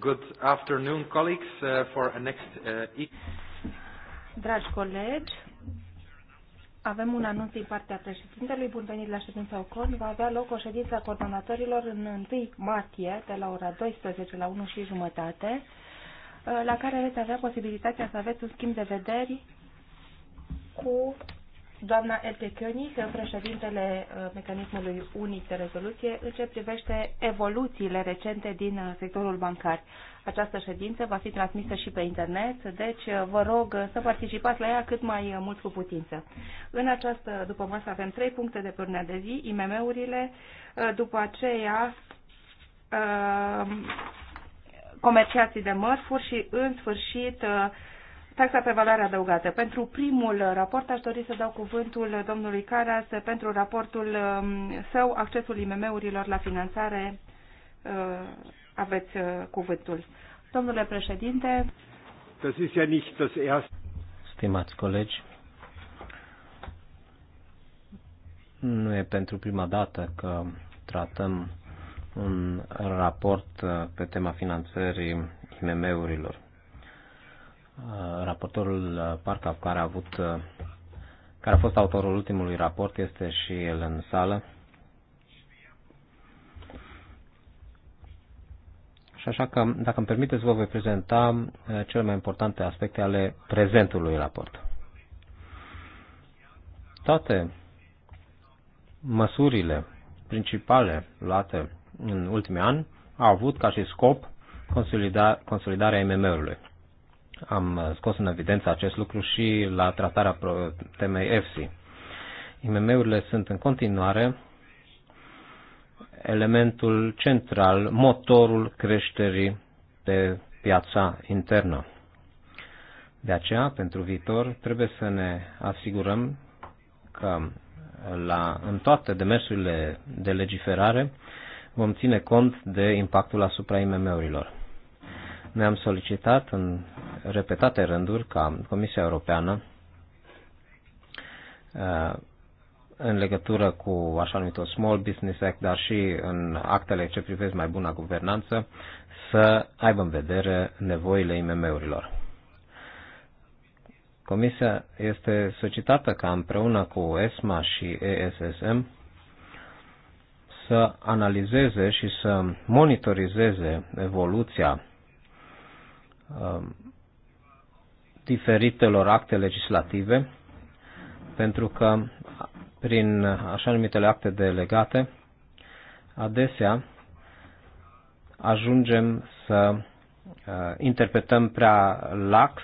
Good afternoon, colleagues, uh, for a next uh, Dragi colegi, avem un anunț din partea președintelui. Bun venit la ședința OCON. Va avea loc o ședință a coordonatorilor în 1 martie, de la ora 12 la 1 și jumătate, uh, la care veți avea posibilitatea să aveți un schimb de vederi cu doamna Elke Kionic, președintele uh, mecanismului unic de rezoluție, în ce privește evoluțiile recente din uh, sectorul bancar. Această ședință va fi transmisă și pe internet, deci uh, vă rog să participați la ea cât mai mult cu putință. În această după masă avem trei puncte de pârnea de zi, IMM-urile, după aceea comerciații de mărfuri și, în sfârșit, Taxa pe valoare adăugată. Pentru primul raport aș dori să dau cuvântul domnului Caras pentru raportul um, său, accesul IMM-urilor la finanțare. Uh, aveți uh, cuvântul. Domnule președinte. Stimați colegi, nu e pentru prima dată că tratăm un raport uh, pe tema finanțării IMM-urilor raportorul uh, Parca, care a avut uh, care a fost autorul ultimului raport, este și el în sală. Și așa că, dacă îmi permiteți, vă voi prezenta uh, cele mai importante aspecte ale prezentului raport. Toate măsurile principale luate în ultimii ani au avut ca și scop consolida, consolidarea IMM-ului. Am scos în evidență acest lucru și la tratarea temei EFSI. IMM-urile sunt în continuare elementul central, motorul creșterii pe piața internă. De aceea, pentru viitor, trebuie să ne asigurăm că la, în toate demersurile de legiferare vom ține cont de impactul asupra IMM-urilor ne-am solicitat în repetate rânduri ca Comisia Europeană uh, în legătură cu așa numitul Small Business Act, dar și în actele ce privesc mai buna guvernanță, să aibă în vedere nevoile IMM-urilor. Comisia este solicitată ca împreună cu ESMA și ESSM să analizeze și să monitorizeze evoluția Um, diferitelor acte legislative, pentru că prin așa numitele acte delegate, adesea ajungem să uh, interpretăm prea lax,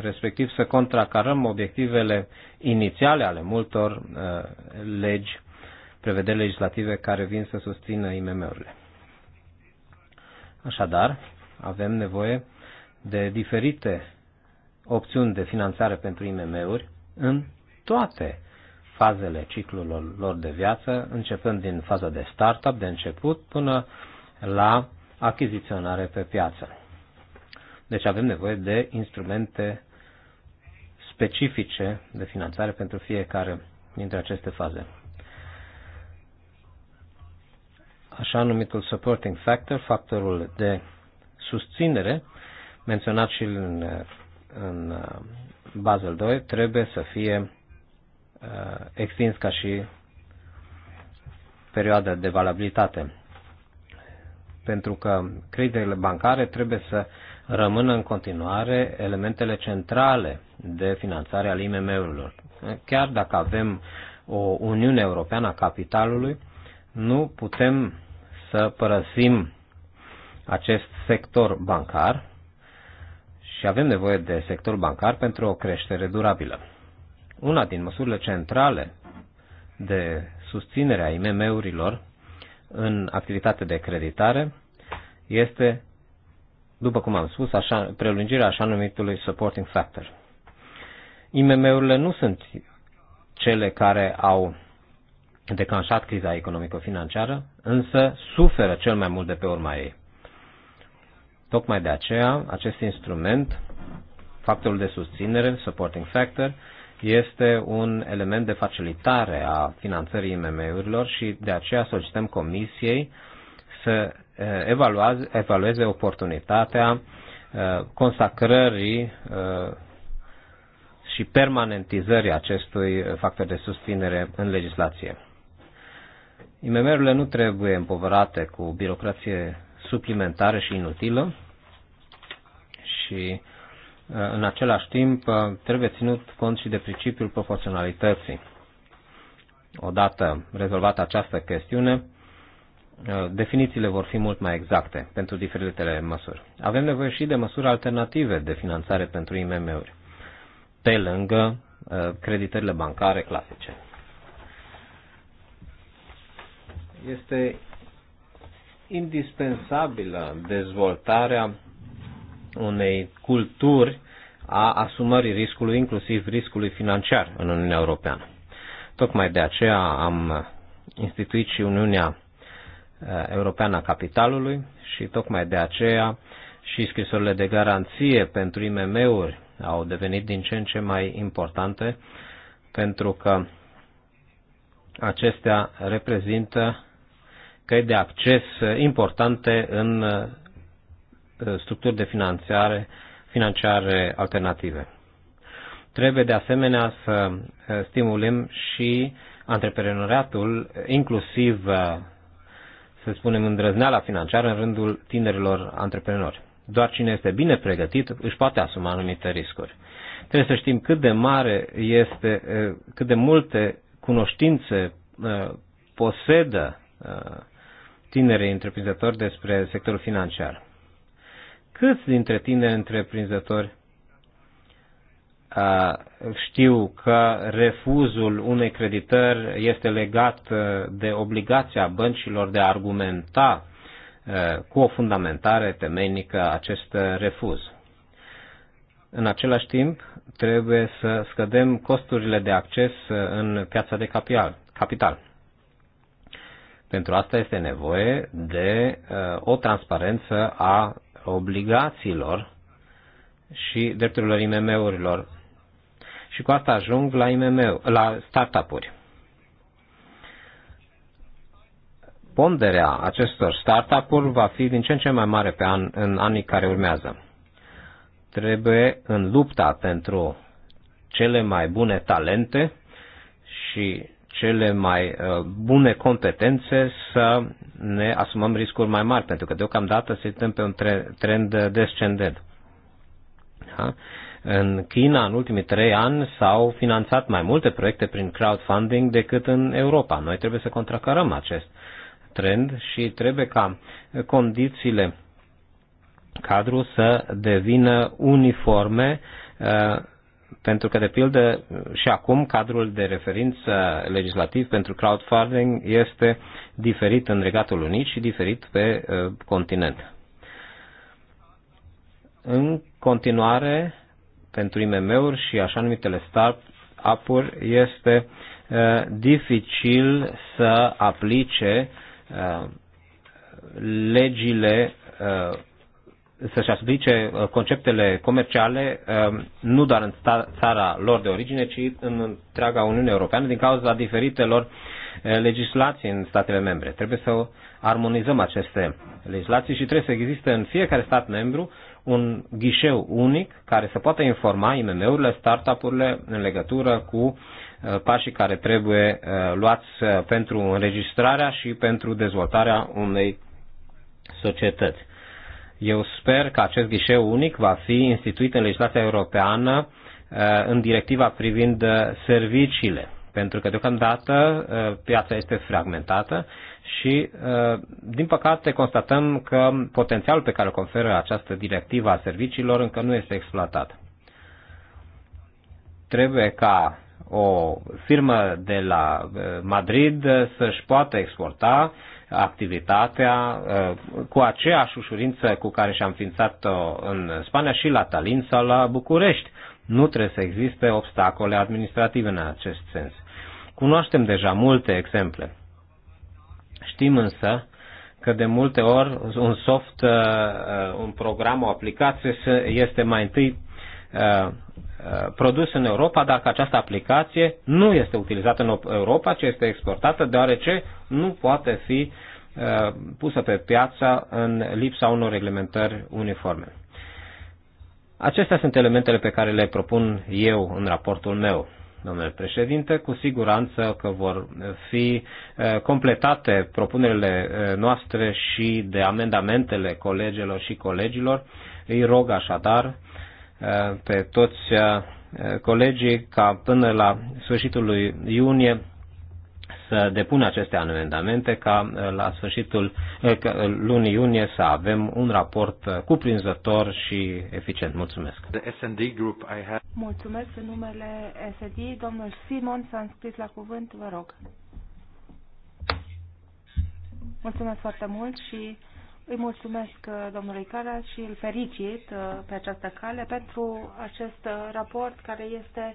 respectiv să contracarăm obiectivele inițiale ale multor uh, legi, prevederi legislative care vin să susțină IMM-urile. Așadar, avem nevoie de diferite opțiuni de finanțare pentru IMM-uri în toate fazele ciclurilor lor de viață, începând din faza de startup, de început, până la achiziționare pe piață. Deci avem nevoie de instrumente specifice de finanțare pentru fiecare dintre aceste faze. Așa numitul supporting factor, factorul de susținere, menționat și în, în Basel 2, trebuie să fie uh, extins ca și perioada de valabilitate. Pentru că creditele bancare trebuie să rămână în continuare elementele centrale de finanțare al IMM-urilor. Chiar dacă avem o Uniune Europeană a Capitalului, nu putem să părăsim acest sector bancar și avem nevoie de sector bancar pentru o creștere durabilă. Una din măsurile centrale de susținere a IMM-urilor în activitate de creditare este, după cum am spus, așa, prelungirea așa numitului supporting factor. IMM-urile nu sunt cele care au declanșat criza economico-financiară, însă suferă cel mai mult de pe urma ei. Tocmai de aceea, acest instrument, factorul de susținere, supporting factor, este un element de facilitare a finanțării IMM-urilor și de aceea solicităm Comisiei să eh, evalueze, evalueze oportunitatea eh, consacrării eh, și permanentizării acestui factor de susținere în legislație. IMM-urile nu trebuie împovărate cu birocrație suplimentară și inutilă și uh, în același timp uh, trebuie ținut cont și de principiul proporționalității. Odată rezolvată această chestiune, uh, definițiile vor fi mult mai exacte pentru diferitele măsuri. Avem nevoie și de măsuri alternative de finanțare pentru IMM-uri, pe lângă creditările bancare clasice. Este indispensabilă dezvoltarea unei culturi a asumării riscului, inclusiv riscului financiar în Uniunea Europeană. Tocmai de aceea am instituit și Uniunea eh, Europeană a Capitalului și tocmai de aceea și scrisorile de garanție pentru IMM-uri au devenit din ce în ce mai importante pentru că acestea reprezintă căi de acces importante în uh, structuri de finanțare, financiare alternative. Trebuie de asemenea să uh, stimulăm și antreprenoriatul, inclusiv, uh, să spunem, îndrăzneala financiară în rândul tinerilor antreprenori. Doar cine este bine pregătit își poate asuma anumite riscuri. Trebuie să știm cât de mare este, cât de multe cunoștințe posedă tinerii întreprinzători despre sectorul financiar. Câți dintre tineri întreprinzători știu că refuzul unei creditări este legat de obligația băncilor de a argumenta cu o fundamentare temeinică acest refuz. În același timp, trebuie să scădem costurile de acces în piața de capital. Pentru asta este nevoie de uh, o transparență a obligațiilor și drepturilor IMM-urilor. Și cu asta ajung la, IMM, la startup-uri. Ponderea acestor startup-uri va fi din ce în ce mai mare pe an, în anii care urmează. Trebuie în lupta pentru cele mai bune talente și cele mai uh, bune competențe să ne asumăm riscuri mai mari, pentru că deocamdată se întâmplă pe un trend descendent. Da? În China, în ultimii trei ani, s-au finanțat mai multe proiecte prin crowdfunding decât în Europa. Noi trebuie să contracarăm acest trend și trebuie ca condițiile cadru să devină uniforme uh, pentru că, de pildă, și acum cadrul de referință legislativ pentru crowdfunding este diferit în Regatul Unit și diferit pe uh, continent. În continuare, pentru IMM-uri și așa numitele up uri este uh, dificil să aplice uh, legile să-și aplice uh, conceptele comerciale um, nu doar în țara lor de origine, ci în întreaga Uniune Europeană din cauza diferitelor uh, legislații în statele membre. Trebuie să armonizăm aceste legislații și trebuie să existe în fiecare stat membru un ghișeu unic care să poată informa IMM-urile, startup-urile în legătură cu uh, pașii care trebuie luați pentru înregistrarea și pentru dezvoltarea unei societăți eu sper că acest ghișeu unic va fi instituit în legislația europeană uh, în directiva privind uh, serviciile, pentru că deocamdată uh, piața este fragmentată și, din păcate, constatăm că potențialul pe care îl conferă această directivă a serviciilor încă nu este exploatat. Trebuie ca o firmă de la Madrid să-și poată exporta activitatea ă, cu aceeași ușurință cu care și-a înființat-o în Spania și la Talin sau la București. Nu trebuie să existe obstacole administrative în acest sens. Cunoaștem deja multe exemple. Știm însă că de multe ori un soft, ă, un program, o aplicație este mai întâi ă, Uh, produs în Europa dacă această aplicație nu este utilizată în Europa, ci este exportată, deoarece nu poate fi uh, pusă pe piață în lipsa unor reglementări uniforme. Acestea sunt elementele pe care le propun eu în raportul meu, domnule președinte. Cu siguranță că vor fi uh, completate propunerile noastre și de amendamentele colegelor și colegilor. Îi rog așadar pe toți uh, colegii ca până la sfârșitul lui iunie să depună aceste amendamente ca uh, la sfârșitul uh, lunii iunie să avem un raport cuprinzător și eficient. Mulțumesc. Mulțumesc în numele SD. Domnul Simon s-a înscris la cuvânt, vă rog. Mulțumesc foarte mult și îi mulțumesc uh, domnului Cara și îl fericit uh, pe această cale pentru acest uh, raport care este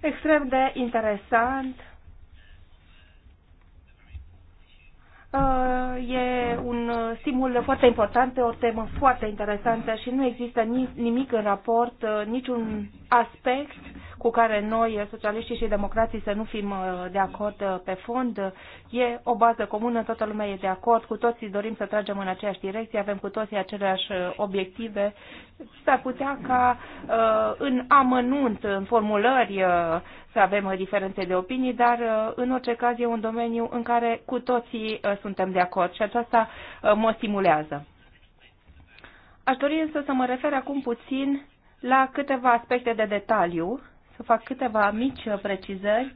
extrem de interesant. E un stimul foarte important, o temă foarte interesantă și nu există nimic în raport, niciun aspect cu care noi, socialiștii și democrații, să nu fim uh, de acord uh, pe fond. E o bază comună, toată lumea e de acord, cu toții dorim să tragem în aceeași direcție, avem cu toții aceleași uh, obiective. S-ar putea ca în amănunt, în formulări, să avem diferențe de opinii, dar în orice caz e un domeniu în care cu toții suntem de acord și aceasta mă stimulează. Aș dori însă să mă refer acum puțin la câteva aspecte de detaliu să fac câteva mici precizări uh,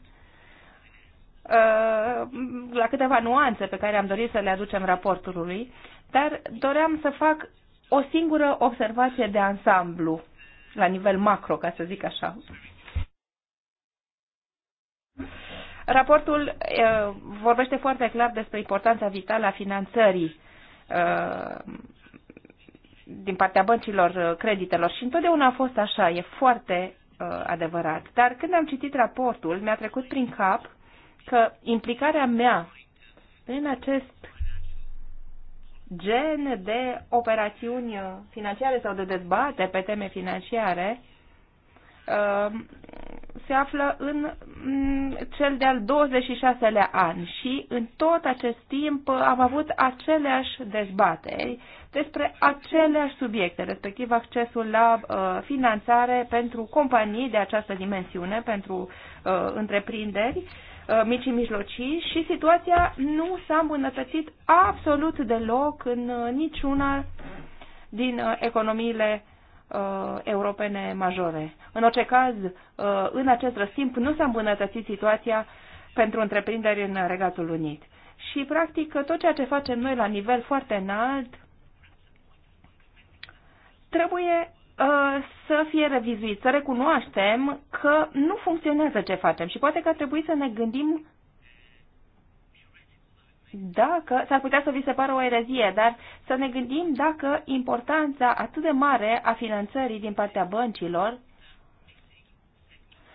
la câteva nuanțe pe care am dorit să le aducem raportului, dar doream să fac o singură observație de ansamblu, la nivel macro, ca să zic așa. Raportul uh, vorbește foarte clar despre importanța vitală a finanțării uh, din partea băncilor creditelor și întotdeauna a fost așa, e foarte Uh, adevărat. Dar când am citit raportul, mi-a trecut prin cap că implicarea mea în acest gen de operațiuni financiare sau de dezbate pe teme financiare Uh, se află în mm, cel de-al 26-lea an și în tot acest timp uh, am avut aceleași dezbateri despre aceleași subiecte, respectiv accesul la uh, finanțare pentru companii de această dimensiune, pentru uh, întreprinderi uh, mici și mijlocii și situația nu s-a îmbunătățit absolut deloc în niciuna din economiile uh, uh, europene majore. În orice caz, uh, în acest răstimp nu s-a îmbunătățit situația pentru întreprinderi în Regatul Unit. Și, practic, tot ceea ce facem noi la nivel foarte înalt trebuie uh, să fie revizuit, să recunoaștem că nu funcționează ce facem și poate că ar trebui să ne gândim dacă, s-ar putea să vi se pară o erezie, dar să ne gândim dacă importanța atât de mare a finanțării din partea băncilor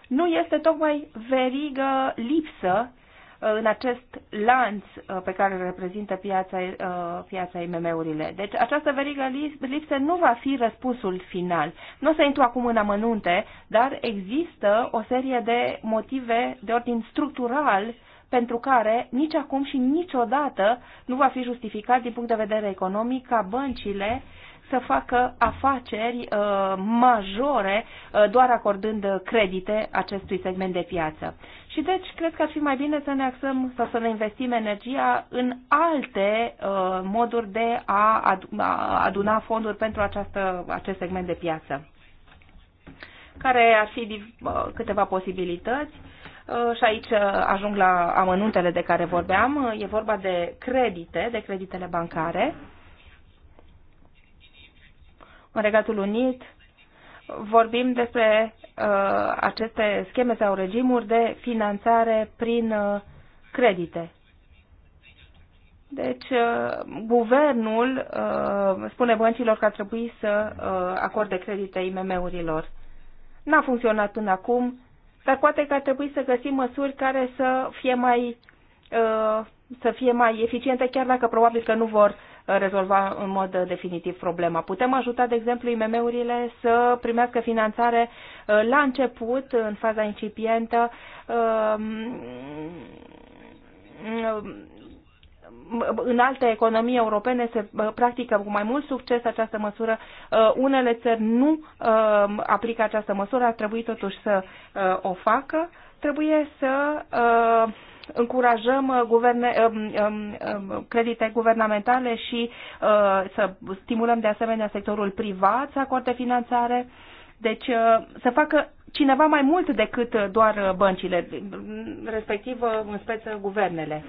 nu este tocmai verigă lipsă uh, în acest lanț uh, pe care îl reprezintă piața, uh, piața IMM-urile. Deci această verigă lipsă nu va fi răspunsul final. Nu o să intru acum în amănunte, dar există o serie de motive de ordin structural pentru care nici acum și niciodată nu va fi justificat din punct de vedere economic ca băncile să facă afaceri uh, majore uh, doar acordând credite acestui segment de piață. Și deci cred că ar fi mai bine să ne axăm sau să ne investim energia în alte uh, moduri de a aduna fonduri pentru această, acest segment de piață care ar fi uh, câteva posibilități Uh, și aici uh, ajung la amănuntele de care vorbeam. Uh, e vorba de credite, de creditele bancare. În Regatul Unit vorbim despre uh, aceste scheme sau regimuri de finanțare prin uh, credite. Deci, guvernul spune băncilor că ar trebui să acorde credite IMM-urilor. N-a funcționat până acum, dar poate că ar trebui să găsim măsuri care să fie mai uh, să fie mai eficiente, chiar dacă probabil că nu vor uh, rezolva în mod definitiv problema. Putem ajuta, de exemplu, IMM-urile să primească finanțare uh, la început, în faza incipientă, mm, mm, în alte economii europene se practică cu mai mult succes această măsură. Uh, unele țări nu uh, aplică această măsură, ar trebui totuși să uh, o facă. Trebuie să încurajăm guverne, um, um, um, credite guvernamentale și să stimulăm de asemenea sectorul privat să acorde finanțare. Deci să facă cineva mai mult decât doar băncile, respectiv în speță guvernele.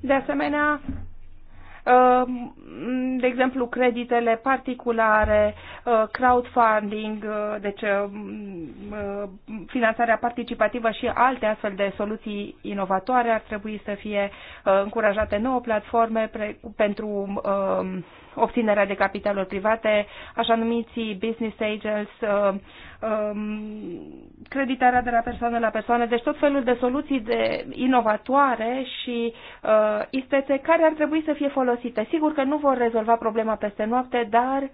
De asemenea, uh, de exemplu, creditele particulare, uh, crowdfunding, uh, deci finanțarea participativă și alte astfel de soluții inovatoare ar trebui să fie încurajate nouă platforme pentru obținerea de capitaluri private, așa numiții business agents, uh, um, creditarea de la persoană la persoană, deci tot felul de soluții de inovatoare și uh, istețe care ar trebui să fie folosite. Sigur că nu vor rezolva problema peste noapte, dar uh,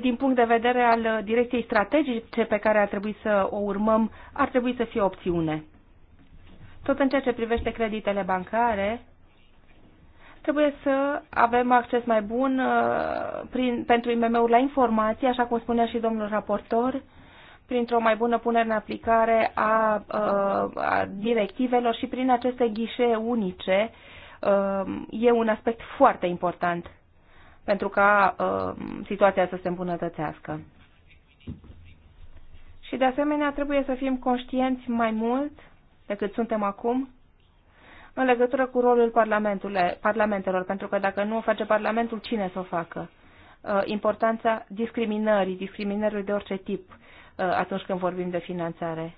din punct de vedere al direcției strategice pe care ar trebui să o urmăm, ar trebui să fie opțiune. Tot în ceea ce privește creditele bancare, Trebuie să avem acces mai bun uh, prin, pentru IMM-uri la informații, așa cum spunea și domnul raportor, printr-o mai bună punere în aplicare a, a, uh, a directivelor și prin aceste ghișee unice uh, e un aspect foarte important pentru ca situația să se îmbunătățească. Și de asemenea trebuie să fim conștienți mai mult decât suntem acum în legătură cu rolul parlamentelor, pentru că dacă nu o face Parlamentul, cine să o facă? Uh, importanța discriminării, discriminării de orice tip uh, atunci când vorbim de finanțare.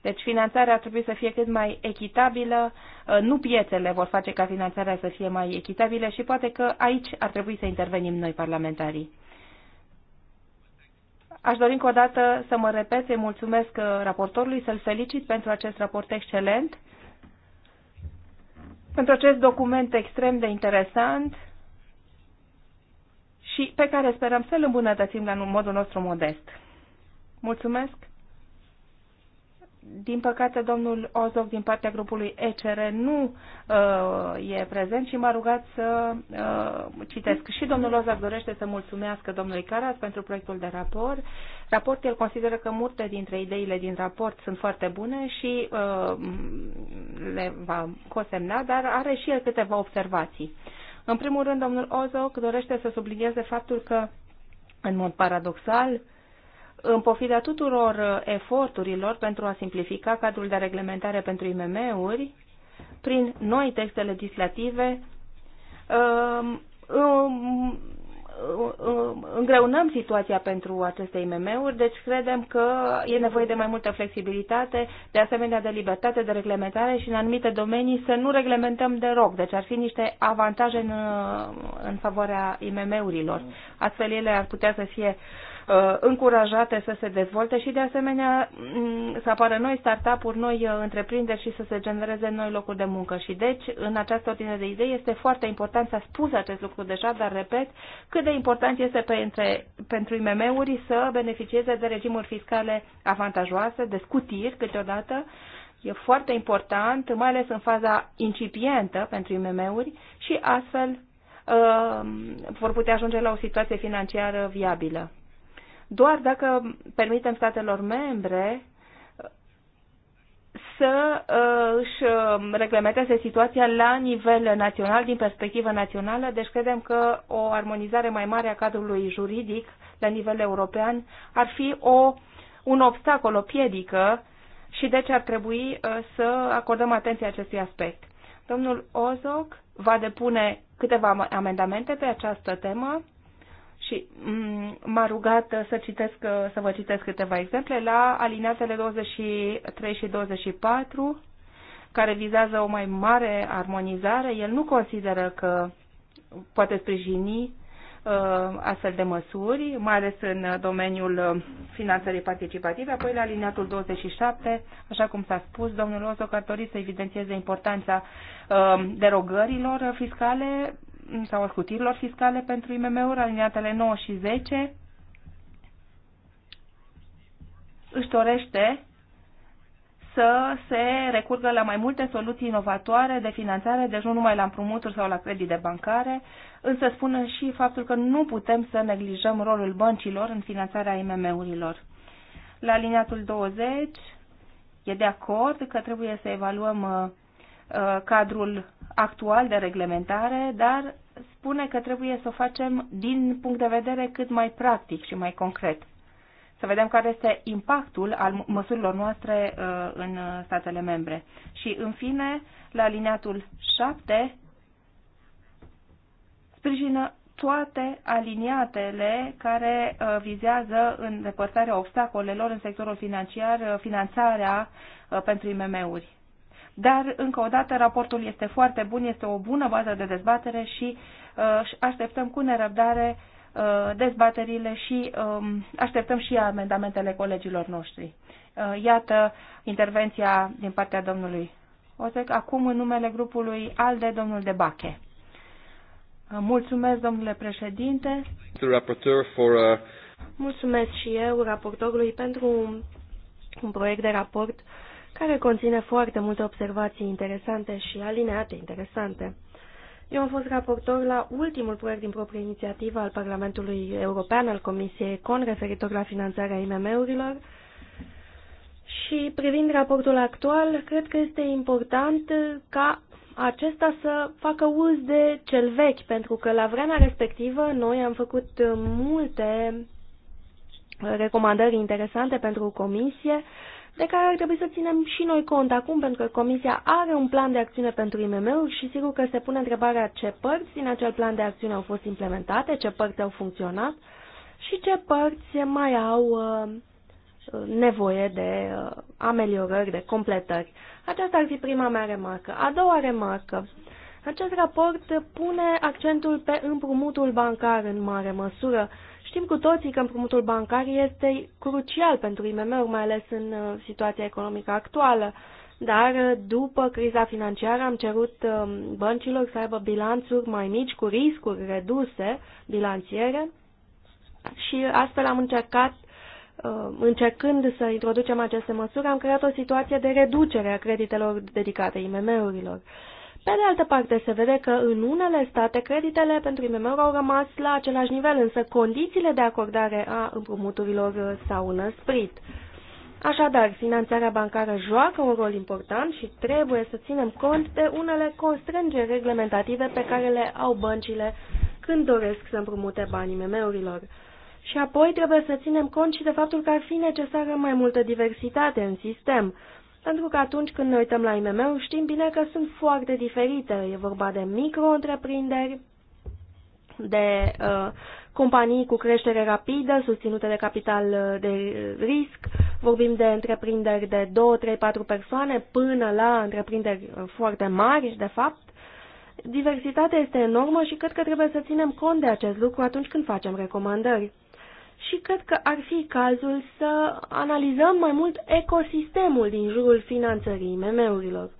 Deci finanțarea ar trebui să fie cât mai echitabilă, uh, nu piețele vor face ca finanțarea să fie mai echitabilă și poate că aici ar trebui să intervenim noi parlamentarii. Aș dori încă o dată să mă repet, să mulțumesc raportorului, să-l felicit pentru acest raport excelent pentru acest document extrem de interesant și pe care sperăm să-l îmbunătățim la modul nostru modest. Mulțumesc! Din păcate, domnul Ozog din partea grupului ECR nu uh, e prezent și m-a rugat să uh, citesc. Și domnul Ozog dorește să mulțumească domnului Caras pentru proiectul de raport. Raport el consideră că multe dintre ideile din raport sunt foarte bune și uh, le va cosemna, dar are și el câteva observații. În primul rând, domnul Ozog dorește să sublinieze faptul că, în mod paradoxal, uh, în pofida tuturor uh, eforturilor pentru a simplifica cadrul de reglementare pentru IMM-uri, prin noi texte legislative, um, um, um, îngreunăm situația pentru aceste IMM-uri, deci credem că e nevoie de mai multă flexibilitate, de asemenea de libertate de reglementare și în anumite domenii să nu reglementăm deloc. Deci ar fi niște avantaje în, în favoarea IMM-urilor. Astfel ele ar putea să fie uh, Uh, încurajate să se dezvolte și de asemenea mm, să apară noi startup-uri, noi uh, întreprinderi și să se genereze noi locuri de muncă. Și deci, în această ordine de idei, este foarte important, s-a spus acest lucru deja, dar repet, cât de important este pentru, pentru IMM-uri să beneficieze de regimuri fiscale avantajoase, de scutiri câteodată, e foarte important, mai ales în faza incipientă pentru IMM-uri și astfel uh, vor putea ajunge la o situație financiară viabilă doar dacă permitem statelor membre să uh, își uh, reglementeze situația la nivel național, din perspectivă națională, deci credem că o armonizare mai mare a cadrului juridic la nivel european ar fi o, un obstacol, o piedică și deci ar trebui uh, să acordăm atenție acestui aspect. Domnul Ozoc va depune câteva amendamente pe această temă și mm, m-a rugat să, citesc, să vă citesc câteva exemple la alineatele 23 și 24, care vizează o mai mare armonizare. El nu consideră că poate sprijini uh, astfel de măsuri, mai ales în domeniul finanțării participative. Apoi, la alineatul 27, așa cum s-a spus, domnul Ozoc ar dori să evidențieze importanța uh, derogărilor fiscale sau a scutirilor fiscale pentru IMM-uri, alineatele 9 și 10, își dorește să se recurgă la mai multe soluții inovatoare de finanțare, deci nu numai la împrumuturi sau la credite bancare, însă spun și faptul că nu putem să neglijăm rolul băncilor în finanțarea IMM-urilor. La liniatul 20 e de acord că trebuie să evaluăm uh, Uh, cadrul actual de reglementare, dar spune că trebuie să o facem din punct de vedere cât mai practic și mai concret. Să vedem care este impactul al măsurilor noastre uh, în statele membre. Și, în fine, la aliniatul 7, sprijină toate aliniatele care uh, vizează îndepărtarea obstacolelor în sectorul financiar, finanțarea pentru IMM-uri. Dar, încă o dată, raportul este foarte bun, este o bună bază de dezbatere și uh, așteptăm cu nerăbdare uh, dezbaterile și um, așteptăm și amendamentele colegilor noștri. Uh, iată intervenția din partea domnului Ozec, acum în numele grupului ALDE, domnul de Bache. Mulțumesc, domnule președinte. Mulțumesc și eu raportorului pentru un proiect de raport care conține foarte multe observații interesante și alineate interesante. Eu am fost raportor la ultimul proiect din proprie inițiativă al Parlamentului European, al Comisiei Econ, referitor la finanțarea IMM-urilor. Și privind raportul actual, cred că este important ca acesta să facă uz de cel vechi, pentru că la vremea respectivă noi am făcut multe recomandări interesante pentru comisie, de care ar trebui să ținem și noi cont acum, pentru că Comisia are un plan de acțiune pentru IMM-uri și sigur că se pune întrebarea ce părți din acel plan de acțiune au fost implementate, ce părți au funcționat și ce părți mai au uh, nevoie de uh, ameliorări, de completări. Aceasta ar fi prima mea remarcă. A doua remarcă. Acest raport pune accentul pe împrumutul bancar în mare măsură Știm cu toții că împrumutul bancar este crucial pentru IMM-uri, mai ales în uh, situația economică actuală. Dar uh, după criza financiară am cerut um, băncilor să aibă bilanțuri mai mici, cu riscuri reduse, bilanțiere, și astfel am încercat, uh, încercând să introducem aceste măsuri, am creat o situație de reducere a creditelor dedicate IMM-urilor. Pe de altă parte, se vede că în unele state creditele pentru imm au rămas la același nivel, însă condițiile de acordare a împrumuturilor s-au înăsprit. Așadar, finanțarea bancară joacă un rol important și trebuie să ținem cont de unele constrângeri reglementative pe care le au băncile când doresc să împrumute banii IMM-urilor. Și apoi trebuie să ținem cont și de faptul că ar fi necesară mai multă diversitate în sistem, pentru că atunci când ne uităm la imm știm bine că sunt foarte diferite. E vorba de micro-întreprinderi, de uh, companii cu creștere rapidă, susținute de capital uh, de risc, vorbim de întreprinderi de 2, 3, 4 persoane până la întreprinderi uh, foarte mari, de fapt. Diversitatea este enormă și cred că trebuie să ținem cont de acest lucru atunci când facem recomandări și cred că ar fi cazul să analizăm mai mult ecosistemul din jurul finanțării IMM-urilor.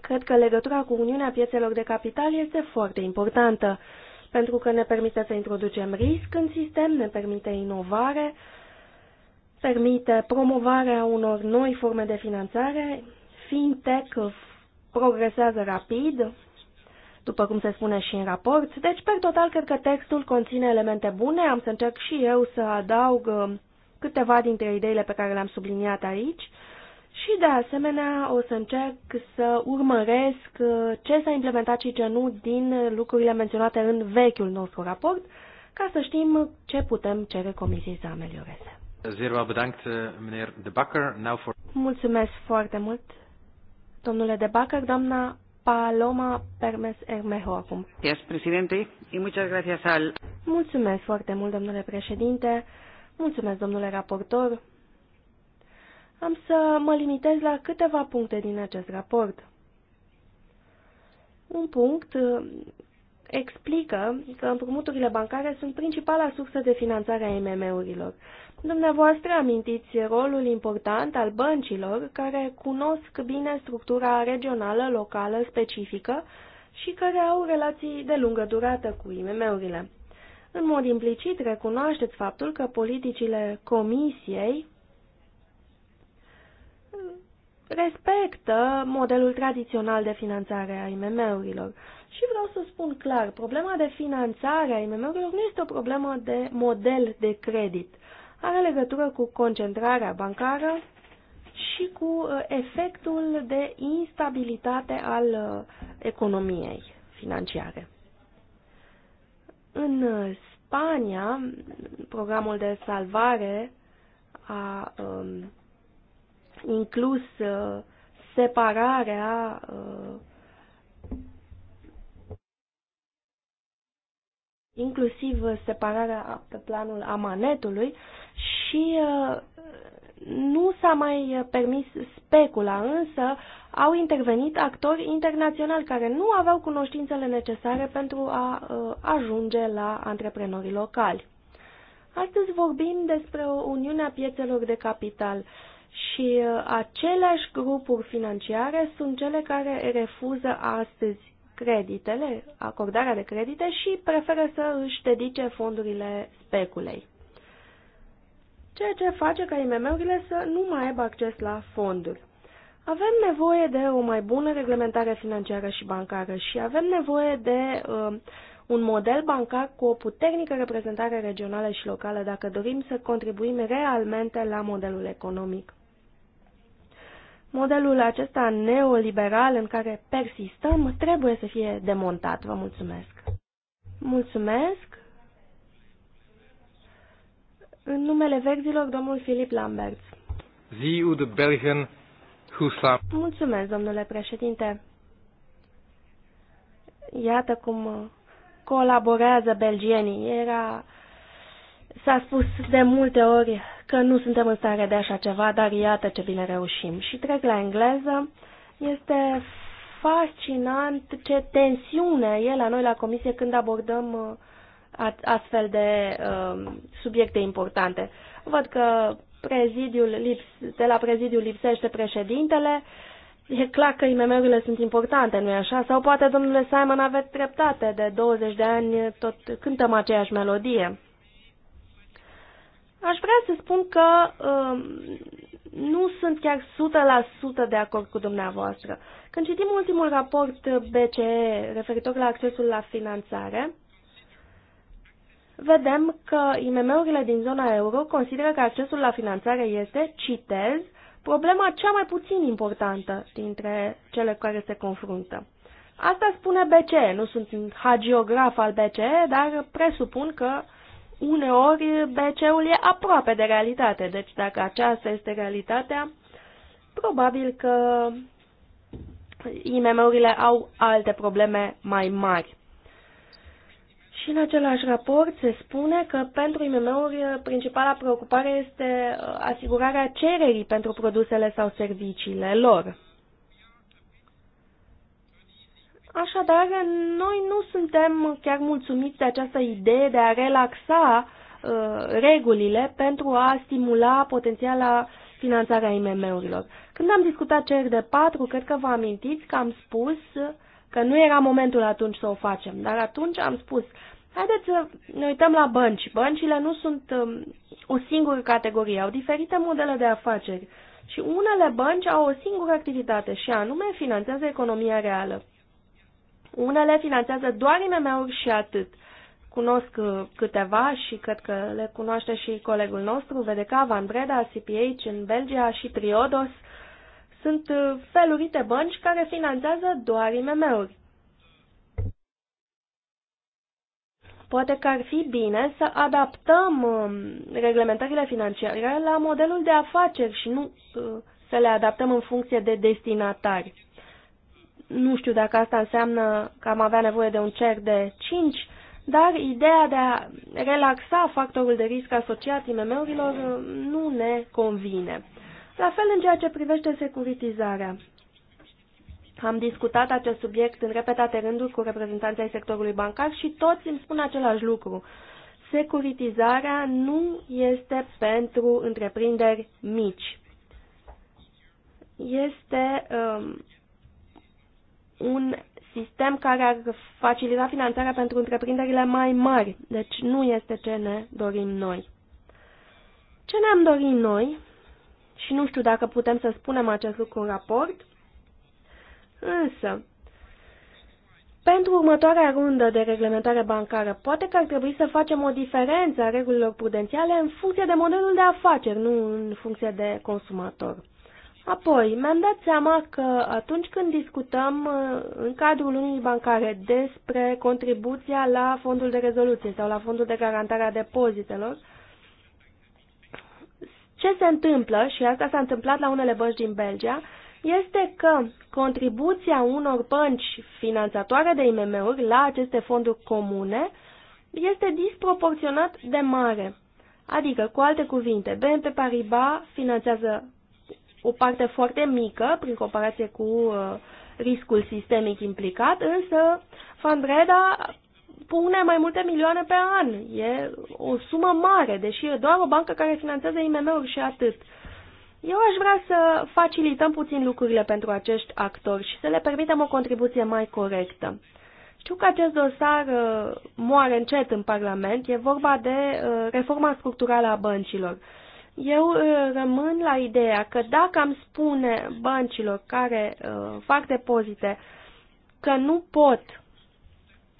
Cred că legătura cu Uniunea Piețelor de Capital este foarte importantă, pentru că ne permite să introducem risc în sistem, ne permite inovare, permite promovarea unor noi forme de finanțare, fintech progresează rapid, după cum se spune și în raport. Deci, pe total, cred că textul conține elemente bune. Am să încerc și eu să adaug um, câteva dintre ideile pe care le-am subliniat aici. Și, de asemenea, o să încerc să urmăresc uh, ce s-a implementat și ce nu din lucrurile menționate în vechiul nostru raport, ca să știm ce putem cere comisiei să amelioreze. Uh, Mulțumesc foarte mult, domnule De doamna Paloma Permes Hermejo acum. Yes, presidente, y muchas gracias al... Mulțumesc foarte mult, domnule președinte. Mulțumesc, domnule raportor. Am să mă limitez la câteva puncte din acest raport. Un punct explică că împrumuturile bancare sunt principala sursă de finanțare a IMM-urilor. Dumneavoastră amintiți rolul important al băncilor care cunosc bine structura regională, locală, specifică și care au relații de lungă durată cu IMM-urile. În mod implicit recunoașteți faptul că politicile comisiei respectă modelul tradițional de finanțare a IMM-urilor. Și vreau să spun clar, problema de finanțare a IMM-urilor nu este o problemă de model de credit. Are legătură cu concentrarea bancară și cu uh, efectul de instabilitate al uh, economiei financiare. În uh, Spania, programul de salvare a um, inclus uh, separarea uh, inclusiv separarea pe planul amanetului și uh, nu s-a mai permis specula, însă au intervenit actori internaționali care nu aveau cunoștințele necesare pentru a uh, ajunge la antreprenorii locali. Astăzi vorbim despre o a piețelor de capital și uh, aceleași grupuri financiare sunt cele care refuză astăzi creditele, acordarea de credite și preferă să își dedice fondurile speculei. Ceea ce face ca IMM-urile să nu mai aibă acces la fonduri. Avem nevoie de o mai bună reglementare financiară și bancară și avem nevoie de uh, un model bancar cu o puternică reprezentare regională și locală dacă dorim să contribuim realmente la modelul economic. Modelul acesta neoliberal în care persistăm trebuie să fie demontat. Vă mulțumesc. Mulțumesc. În numele verzilor, domnul Filip Lamberts. Ziu de Belgen, Husa. Mulțumesc, domnule președinte. Iată cum colaborează belgienii. Era S-a spus de multe ori că nu suntem în stare de așa ceva, dar iată ce bine reușim. Și trec la engleză. Este fascinant ce tensiune e la noi la comisie când abordăm uh, astfel de uh, subiecte importante. Văd că prezidiul lips, de la prezidiu lipsește președintele. E clar că IMM-urile sunt importante, nu-i așa? Sau poate, domnule Simon, aveți dreptate, de 20 de ani tot cântăm aceeași melodie. Aș vrea să spun că uh, nu sunt chiar 100% de acord cu dumneavoastră. Când citim ultimul raport BCE referitor la accesul la finanțare, vedem că IMM-urile din zona euro consideră că accesul la finanțare este, citez, problema cea mai puțin importantă dintre cele cu care se confruntă. Asta spune BCE, nu sunt hagiograf al BCE, dar presupun că uh, uneori BC-ul e aproape de realitate, deci dacă aceasta este realitatea, probabil că IMM-urile au alte probleme mai mari. Și în același raport se spune că pentru IMM-uri principala preocupare este uh, asigurarea cererii pentru produsele sau serviciile lor. Așadar, noi nu suntem chiar mulțumiți de această idee de a relaxa uh, regulile pentru a stimula potențiala finanțarea IMM-urilor. Când am discutat cer de patru, cred că vă amintiți că am spus că nu era momentul atunci să o facem, dar atunci am spus, haideți să ne uităm la bănci. Băncile nu sunt um, o singură categorie, au diferite modele de afaceri și unele bănci au o singură activitate și anume finanțează economia reală. Unele finanțează doar IMM-uri și atât. Cunosc uh, câteva și cred că le cunoaște și colegul nostru, VDK, Van Breda, CPH în Belgia și Triodos. Sunt uh, feluri de bănci care finanțează doar IMM-uri. Poate că ar fi bine să adaptăm uh, reglementările financiare la modelul de afaceri și nu să le adaptăm în funcție de destinatari. Nu știu dacă asta înseamnă că am avea nevoie de un cer de 5, dar ideea de a relaxa factorul de risc asociat IMM-urilor uh, nu ne convine. La fel în ceea ce privește securitizarea. Am discutat acest subiect în repetate rânduri cu reprezentanții sectorului bancar și toți îmi spun același lucru. Securitizarea nu este pentru întreprinderi mici. Este um, un sistem care ar facilita finanțarea pentru întreprinderile mai mari. Deci nu este ce ne dorim noi. Ce ne-am dorit noi, și nu știu dacă putem să spunem acest lucru în raport, însă, pentru următoarea rundă de reglementare bancară, poate că ar trebui să facem o diferență a regulilor prudențiale în funcție de modelul de afaceri, nu în funcție de consumator. Apoi, mi-am dat seama că atunci când discutăm uh, în cadrul unii bancare despre contribuția la fondul de rezoluție sau la fondul de garantare a depozitelor, ce se întâmplă, și asta s-a întâmplat la unele bănci din Belgia, este că contribuția unor bănci finanțatoare de IMM-uri la aceste fonduri comune este disproporționat de mare. Adică, cu alte cuvinte, BNP Paribas finanțează o parte foarte mică prin comparație cu uh, riscul sistemic implicat, însă Fandreda pune mai multe milioane pe an. E o sumă mare, deși e doar o bancă care finanțează IMM-uri și atât. Eu aș vrea să facilităm puțin lucrurile pentru acești actori și să le permitem o contribuție mai corectă. Știu că acest dosar uh, moare încet în Parlament, e vorba de uh, reforma structurală a băncilor. Uh, eu uh, rămân la ideea că dacă am spune băncilor care uh, fac depozite că nu pot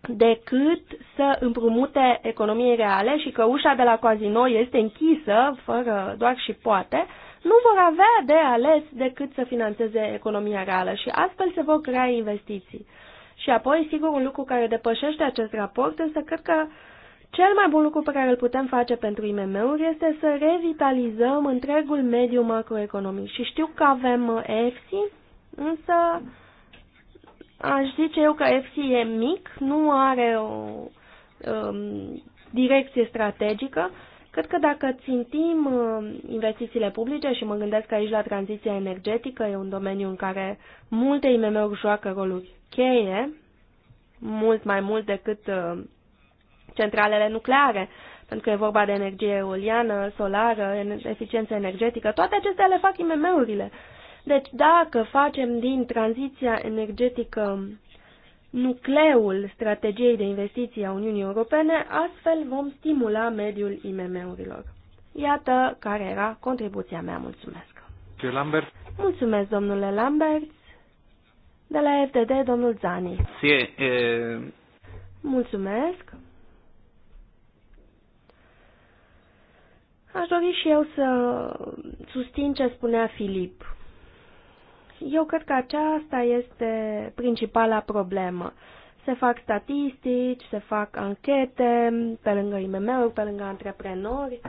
decât să împrumute economiei reale și că ușa de la casino este închisă, fără doar și poate, nu vor avea de ales decât să financeze economia reală și astfel se vor crea investiții. Și apoi, sigur, un lucru care depășește acest raport, însă cred că uh, cel mai bun lucru pe care îl putem face pentru IMM-uri este să revitalizăm întregul mediu macroeconomic. Și știu că avem EFSI, uh, însă aș zice eu că EFSI e mic, nu are o um, direcție strategică. Cred că dacă țintim uh, investițiile publice și mă gândesc aici la tranziția energetică, e un domeniu în care multe IMM-uri joacă roluri cheie, mult mai mult decât uh, centralele nucleare, pentru că e vorba de energie eoliană, solară, eficiență energetică, toate acestea le fac IMM-urile. Deci dacă facem din tranziția energetică nucleul strategiei de investiții a Uniunii Europene, astfel vom stimula mediul IMM-urilor. Iată care era contribuția mea. Mulțumesc! Lambert. Mulțumesc, domnule Lambert. De la FTD, domnul Zani. Sie, e... Mulțumesc. Aș dori și eu să susțin ce spunea Filip. Eu cred că aceasta este principala problemă. Se fac statistici, se fac anchete, pe lângă IMM-uri, pe lângă antreprenori,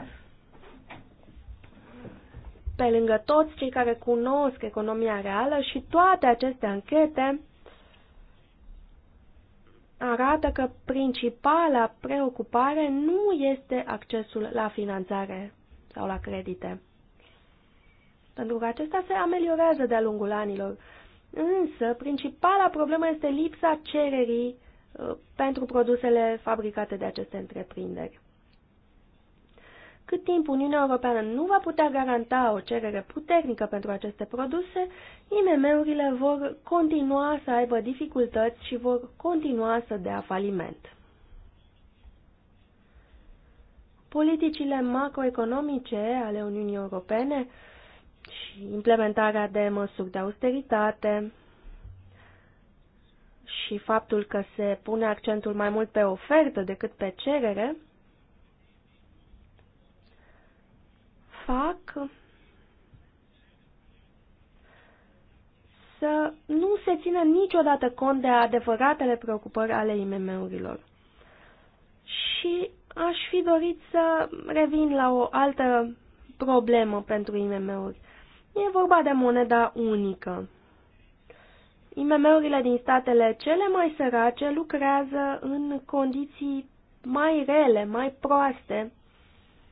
pe lângă toți cei care cunosc economia reală și toate aceste anchete arată că principala preocupare nu este accesul la finanțare sau la credite. Pentru că acesta se ameliorează de-a lungul anilor. Însă, principala problemă este lipsa cererii uh, pentru produsele fabricate de aceste întreprinderi. Cât timp Uniunea Europeană nu va putea garanta o cerere puternică pentru aceste produse, IMM-urile vor continua să aibă dificultăți și vor continua să dea faliment. Politicile macroeconomice ale Uniunii Europene și implementarea de măsuri de austeritate și faptul că se pune accentul mai mult pe ofertă decât pe cerere fac să nu se țină niciodată cont de adevăratele preocupări ale IMM-urilor. Și aș fi dorit să revin la o altă problemă pentru IMM-uri. E vorba de moneda unică. IMM-urile din statele cele mai sărace lucrează în condiții mai rele, mai proaste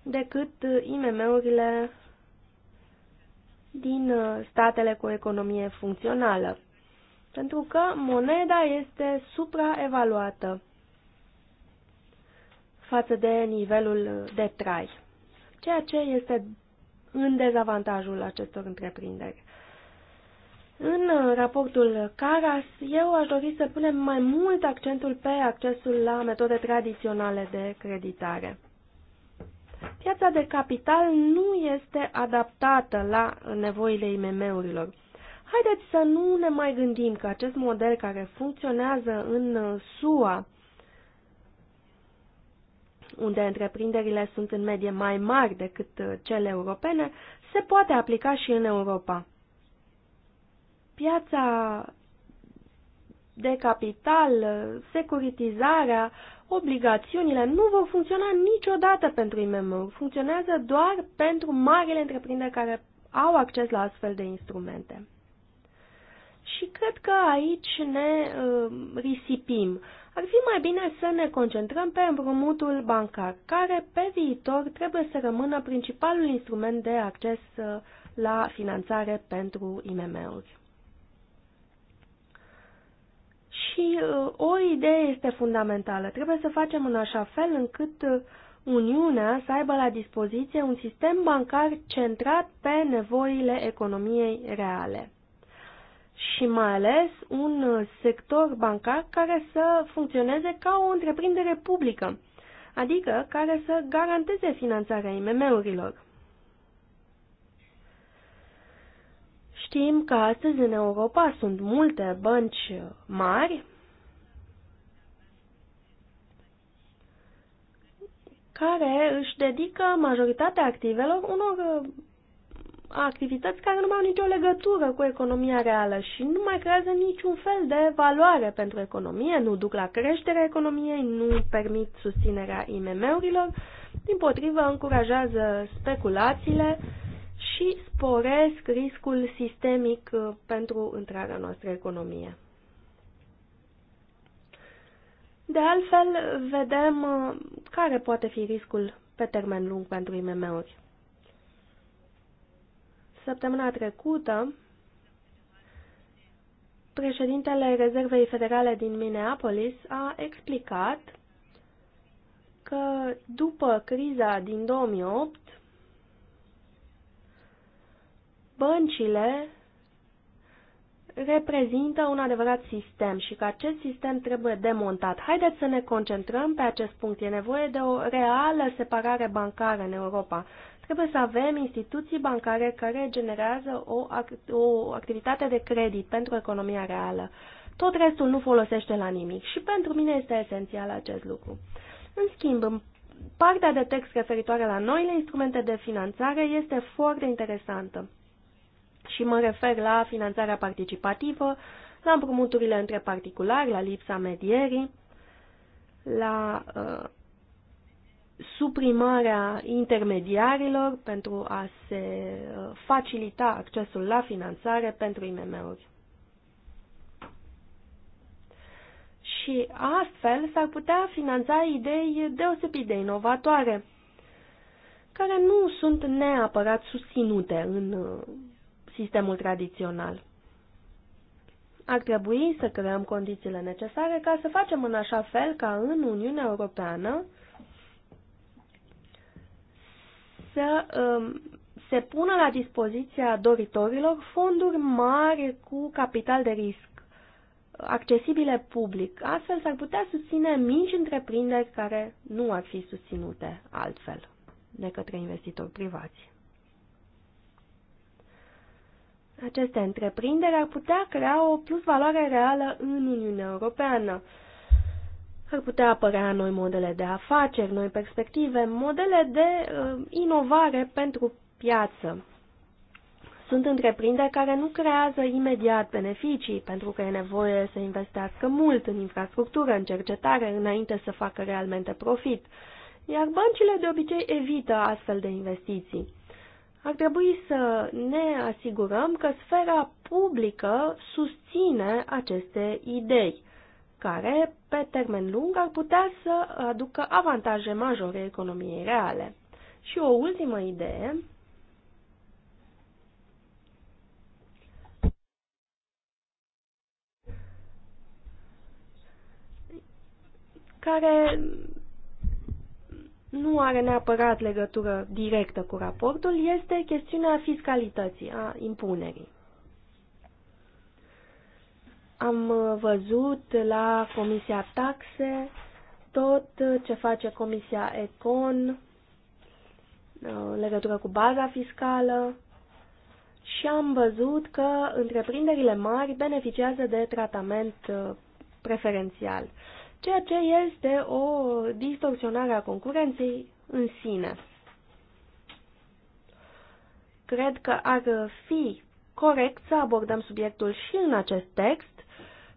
decât uh, IMM-urile din uh, statele cu economie funcțională, pentru că moneda este supraevaluată față de nivelul de trai, ceea ce este în dezavantajul acestor întreprinderi. În uh, raportul Caras, eu aș dori să punem mai mult accentul pe accesul la metode tradiționale de creditare. Piața de capital nu este adaptată la nevoile IMM-urilor. Haideți să nu ne mai gândim că acest model care funcționează în uh, SUA, unde întreprinderile sunt în medie mai mari decât uh, cele europene, se poate aplica și în Europa. Piața de capital, uh, securitizarea, obligațiunile nu vor funcționa niciodată pentru IMM-uri, funcționează doar pentru marile întreprinderi care au acces la astfel de instrumente. Și cred că aici ne uh, risipim. Ar fi mai bine să ne concentrăm pe împrumutul bancar, care pe viitor trebuie să rămână principalul instrument de acces uh, la finanțare pentru IMM-uri. Și uh, o idee este fundamentală. Trebuie să facem în așa fel încât uh, Uniunea să aibă la dispoziție un sistem bancar centrat pe nevoile economiei reale și mai ales un uh, sector bancar care să funcționeze ca o întreprindere publică, adică care să garanteze finanțarea IMM-urilor. Știm că astăzi în Europa sunt multe bănci mari care își dedică majoritatea activelor unor uh, activități care nu mai au nicio legătură cu economia reală și nu mai creează niciun fel de valoare pentru economie, nu duc la creșterea economiei, nu permit susținerea IMM-urilor, din potrivă încurajează speculațiile și sporesc riscul sistemic uh, pentru întreaga noastră economie. De altfel, vedem uh, care poate fi riscul pe termen lung pentru IMM-uri. Săptămâna trecută, președintele Rezervei Federale din Minneapolis a explicat că după criza din 2008, băncile reprezintă un adevărat sistem și că acest sistem trebuie demontat. Haideți să ne concentrăm pe acest punct. E nevoie de o reală separare bancară în Europa. Trebuie să avem instituții bancare care generează o, act o activitate de credit pentru economia reală. Tot restul nu folosește la nimic și pentru mine este esențial acest lucru. În schimb, în partea de text referitoare la noile instrumente de finanțare este foarte interesantă și mă refer la finanțarea participativă, la împrumuturile între particulari, la lipsa medierii, la uh, suprimarea intermediarilor pentru a se uh, facilita accesul la finanțare pentru IMM-uri. Și astfel s-ar putea finanța idei deosebit de inovatoare, care nu sunt neapărat susținute în uh, sistemul tradițional. Ar trebui să creăm condițiile necesare ca să facem în așa fel ca în Uniunea Europeană să um, se pună la dispoziția doritorilor fonduri mari cu capital de risc accesibile public. Astfel s-ar putea susține mici întreprinderi care nu ar fi susținute altfel de către investitori privați. Aceste întreprinderi ar putea crea o plusvaloare reală în Uniunea Europeană. Ar putea apărea noi modele de afaceri, noi perspective, modele de uh, inovare pentru piață. Sunt întreprinderi care nu creează imediat beneficii, pentru că e nevoie să investească mult în infrastructură, în cercetare, înainte să facă realmente profit, iar băncile de obicei evită astfel de investiții ar trebui să ne asigurăm că sfera publică susține aceste idei, care, pe termen lung, ar putea să aducă avantaje majore economiei reale. Și o ultimă idee care nu are neapărat legătură directă cu raportul, este chestiunea fiscalității, a impunerii. Am văzut la Comisia Taxe tot ce face Comisia Econ în legătură cu baza fiscală și am văzut că întreprinderile mari beneficiază de tratament preferențial ceea ce este o distorsionare a concurenței în sine. Cred că ar fi corect să abordăm subiectul și în acest text,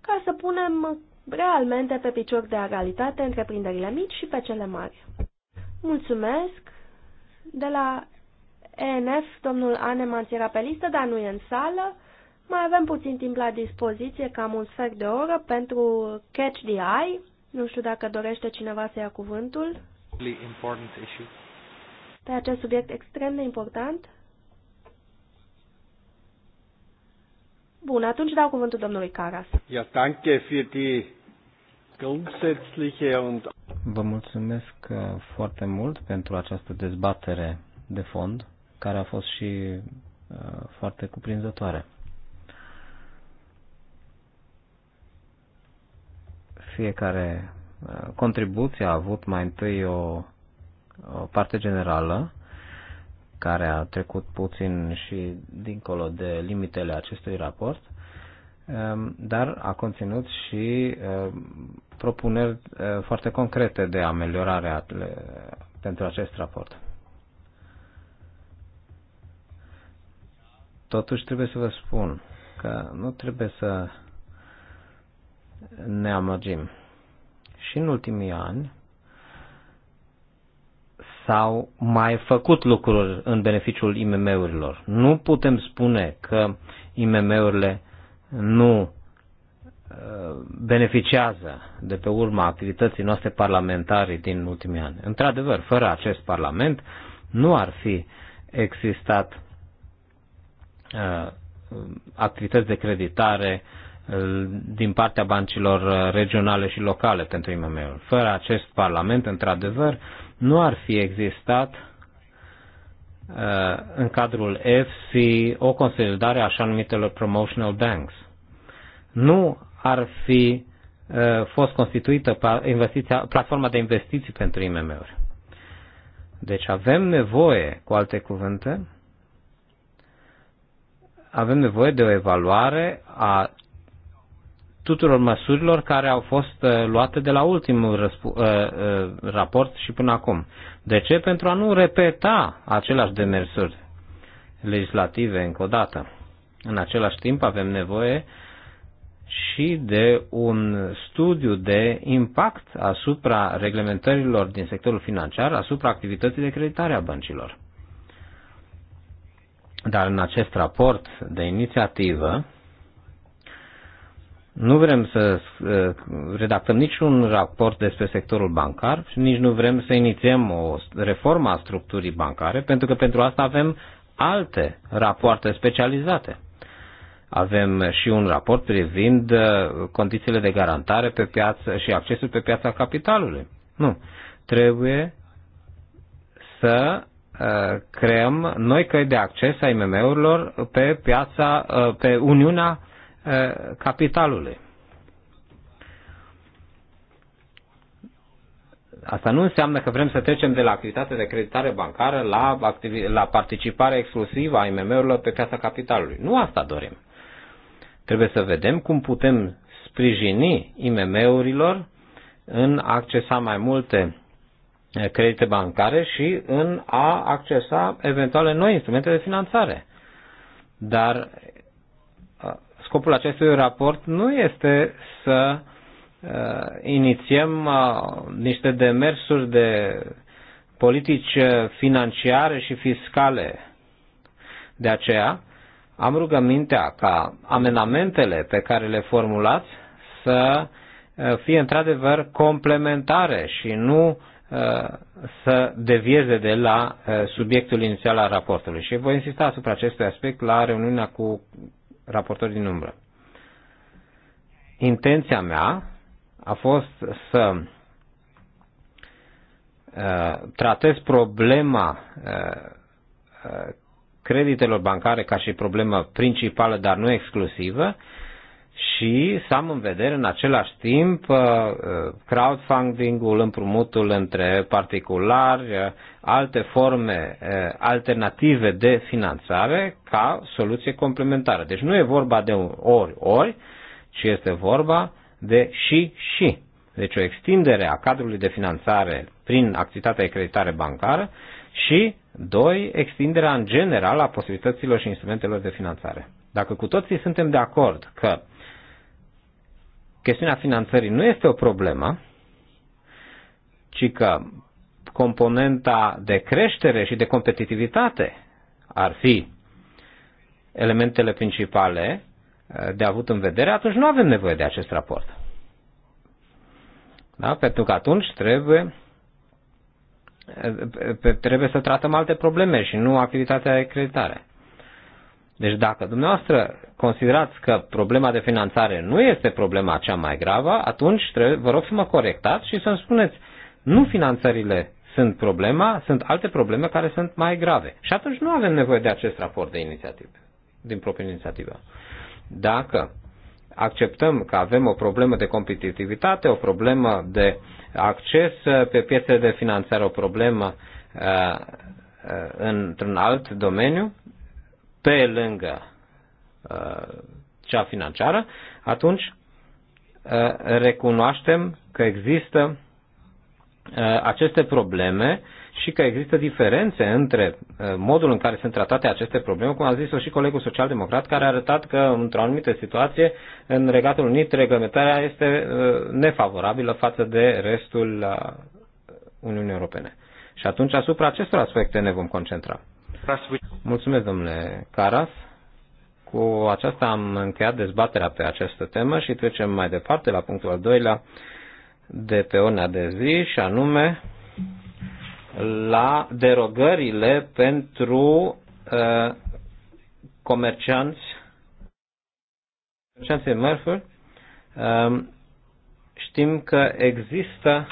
ca să punem realmente pe picior de egalitate întreprinderile mici și pe cele mari. Mulțumesc! De la ENF, domnul Aneman era pe listă, dar nu e în sală. Mai avem puțin timp la dispoziție, cam un sfert de oră, pentru Catch the Eye. Nu știu dacă dorește cineva să ia cuvântul. Pe acest subiect extrem de important. Bun, atunci dau cuvântul domnului Caras. Ja, danke für die grundsätzliche und Vă mulțumesc uh, foarte mult pentru această dezbatere de fond, care a fost și uh, foarte cuprinzătoare. Fiecare uh, contribuție a avut mai întâi o, o parte generală care a trecut puțin și dincolo de limitele acestui raport, um, dar a conținut și um, propuneri uh, foarte concrete de ameliorare pentru acest raport. Totuși trebuie să vă spun că nu trebuie să ne amăgim. Și în ultimii ani s-au mai făcut lucruri în beneficiul IMM-urilor. Nu putem spune că IMM-urile nu uh, beneficiază de pe urma activității noastre parlamentare din ultimii ani. Într-adevăr, fără acest parlament nu ar fi existat uh, activități de creditare uh, din partea bancilor uh, regionale și locale pentru IMM-uri. Fără acest Parlament, într-adevăr, nu ar fi existat uh, în cadrul EFSI o consolidare a așa numitelor promotional banks. Nu ar fi uh, fost constituită platforma de investiții pentru IMM-uri. Deci avem nevoie, cu alte cuvinte, avem nevoie de o evaluare a tuturor măsurilor care au fost uh, luate de la ultimul uh, uh, raport și până acum. De ce? Pentru a nu repeta aceleași demersuri legislative încă o dată. În același timp avem nevoie și de un studiu de impact asupra reglementărilor din sectorul financiar, asupra activității de creditare a băncilor. Dar în acest raport de inițiativă, nu vrem să redactăm niciun raport despre sectorul bancar și nici nu vrem să inițiem o reformă a structurii bancare, pentru că pentru asta avem alte rapoarte specializate. Avem și un raport privind uh, condițiile de garantare pe piață și accesul pe piața capitalului. Nu. Trebuie să uh, creăm noi căi de acces a IMM-urilor pe piața, uh, pe Uniunea capitalului. Asta nu înseamnă că vrem să trecem de la activitatea de creditare bancară la, activi- la participare exclusivă a IMM-urilor pe piața capitalului. Nu asta dorim. Trebuie să vedem cum putem sprijini IMM-urilor în a accesa mai multe credite bancare și în a accesa eventuale noi instrumente de finanțare. Dar Scopul acestui raport nu este să uh, inițiem uh, niște demersuri de politici financiare și fiscale. De aceea, am rugămintea ca amenamentele pe care le formulați să uh, fie într-adevăr complementare și nu să devieze de la subiectul inițial al raportului. Și voi insista asupra acestui aspect la reuniunea cu raportori din umbră. Intenția mea a fost să uh, tratez problema uh, uh, creditelor bancare ca și problemă principală, dar nu exclusivă, și să am în vedere în același timp uh, uh, crowdfunding-ul, împrumutul între particulari, uh, alte forme alternative de finanțare ca soluție complementară. Deci nu e vorba de ori-ori, ci este vorba de și-și. Deci o extindere a cadrului de finanțare prin activitatea de creditare bancară și, doi, extinderea în general a posibilităților și instrumentelor de finanțare. Dacă cu toții suntem de acord că chestiunea finanțării nu este o problemă, ci că componenta de creștere și de competitivitate ar fi elementele principale eh, de avut în vedere, atunci nu avem nevoie de acest raport. Da? Pentru că atunci trebuie, eh, trebuie să tratăm alte probleme și nu activitatea de creditare. Deci dacă dumneavoastră considerați că problema de finanțare nu este problema cea mai gravă, atunci trebuie, vă rog să mă corectați și să-mi spuneți, nu finanțările sunt problema, sunt alte probleme care sunt mai grave. Și atunci nu avem nevoie de acest raport de inițiativă, din propria inițiativă. Dacă acceptăm că avem o problemă de competitivitate, o problemă de acces uh, pe piețele de finanțare, o problemă uh, uh, într-un alt domeniu, pe lângă uh, cea financiară, atunci uh, recunoaștem că există uh, aceste probleme și că există diferențe între modul în care sunt tratate aceste probleme, cum a zis-o și colegul social-democrat, care a arătat că, într-o anumită situație, în Regatul Unit, reglementarea este nefavorabilă față de restul Uniunii Europene. Și atunci, asupra acestor aspecte ne vom concentra. Mulțumesc, domnule Caras. Cu aceasta am încheiat dezbaterea pe această temă și trecem mai departe la punctul al doilea de pe ordinea de zi și anume la derogările pentru uh, comercianți, comercianții mărfuri. Uh, știm că există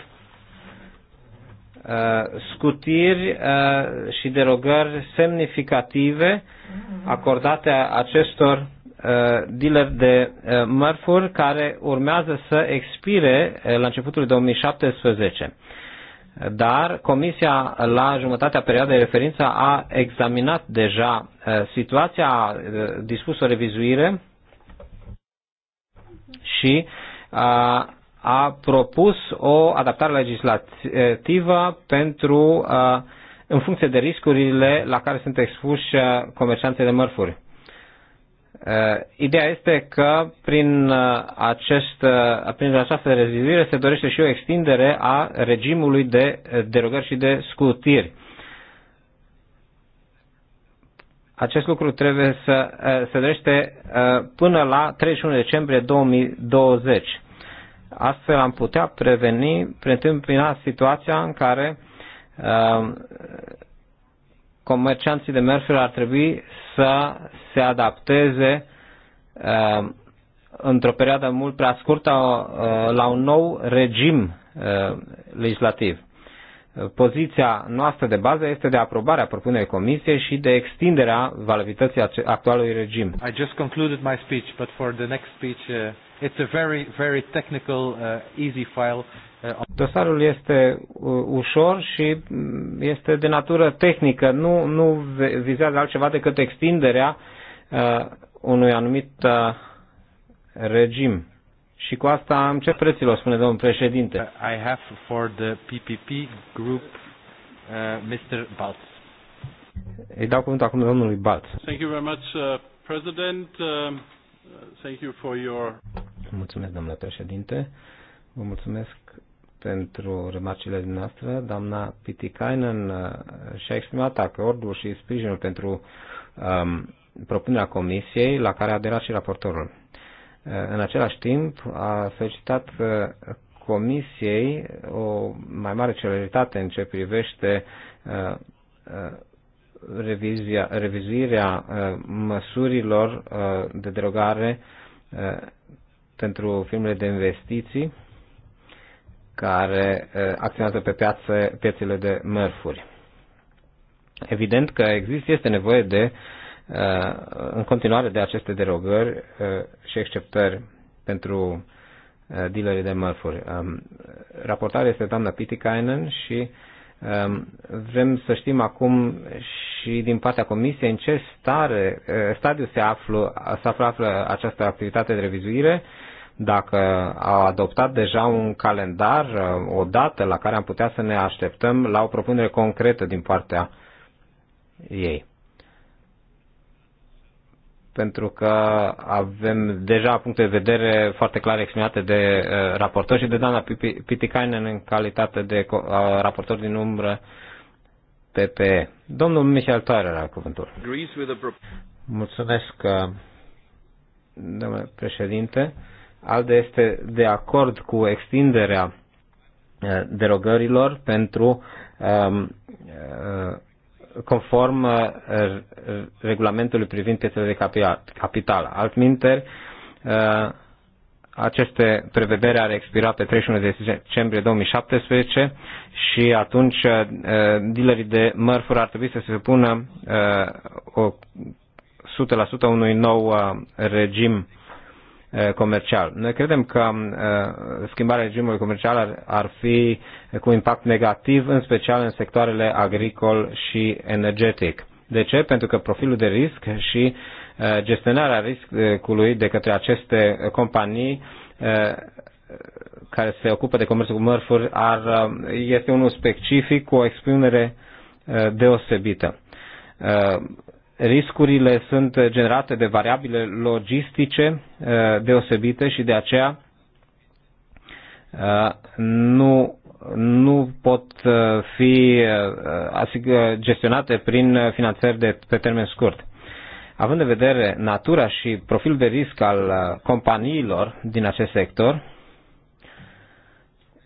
Uh, scutiri uh, și derogări semnificative acordate acestor uh, dealer de mărfuri care urmează să expire la începutul 2017. Dar Comisia la jumătatea perioadei de referință a examinat deja situația, a dispus o revizuire și a a propus o adaptare legislativă pentru, în funcție de riscurile la care sunt expuși comercianții de mărfuri. Ideea este că prin, acest, prin această rezidire se dorește și o extindere a regimului de derogări și de scutiri. Acest lucru trebuie să se dorește până la 31 decembrie 2020 Astfel am putea preveni, preîntâmpina situația în care uh, comercianții de mărfuri ar trebui să se adapteze uh, într-o perioadă mult prea scurtă uh, la un nou regim legislativ poziția noastră de bază este de aprobarea propunerii comisiei și de extinderea validității actualului regim. I just concluded my speech, but for the next speech uh, it's a very very technical uh, easy file. Uh, Dosarul este uh, ușor și mm, este de natură tehnică, nu, nu vizează altceva decât extinderea uh, unui anumit uh, regim. Și cu asta am ce preților, spune domnul președinte. Uh, I have for the PPP group uh, Mr. Baltz. Îi dau cuvântul acum domnului Baltz. Thank you very much, uh, President. Uh, uh, thank you for your... Mulțumesc, domnule președinte. Vă mulțumesc pentru remarcile dumneavoastră. Doamna Pitikainen uh, și-a exprimat acordul și sprijinul pentru um, propunerea comisiei la care a aderat și raportorul. În același timp, a solicitat uh, Comisiei o mai mare celeritate în ce privește uh, uh, revizia, revizirea măsurilor de derogare pentru firmele de investiții care acționează pe piață, piețele de mărfuri. Evident că există, este nevoie de Uh, în continuare de aceste derogări uh, și exceptări pentru uh, dealerii de mărfuri. Um, raportarea este doamna Pitikainen și um, vrem să știm acum și din partea Comisiei în ce stare, stadiu se află, se află, află această activitate de revizuire, dacă au adoptat deja un calendar, o dată la care am putea să ne așteptăm la o propunere concretă din partea ei pentru că avem deja puncte de vedere foarte clare exprimate de uh, raportor și de doamna Piticainen în calitate de uh, raportor din umbră PPE. Domnul Michel Toare la cuvântul. Mulțumesc, uh, domnule președinte. ALDE este de acord cu extinderea uh, derogărilor pentru um, uh, conform uh, regulamentului privind piețele de capital. Altminteri, uh, aceste prevedere ar expira pe 31 decembrie 2017 și atunci uh, dealerii de mărfuri ar trebui să se pună o 100% unui nou regim Eh, comercial. Noi credem că eh, schimbarea regimului comercial ar, ar fi cu impact negativ, în special în sectoarele agricol și energetic. De ce? Pentru că profilul de risc și eh, gestionarea riscului de către aceste companii care se ocupă de comerțul cu mărfuri ar, este unul specific cu o expunere deosebită riscurile sunt generate de variabile logistice eh, deosebite și de aceea eh, nu, nu pot eh, fi gestionate prin finanțări de, pe termen scurt. Având în vedere natura și profilul de risc al companiilor din acest sector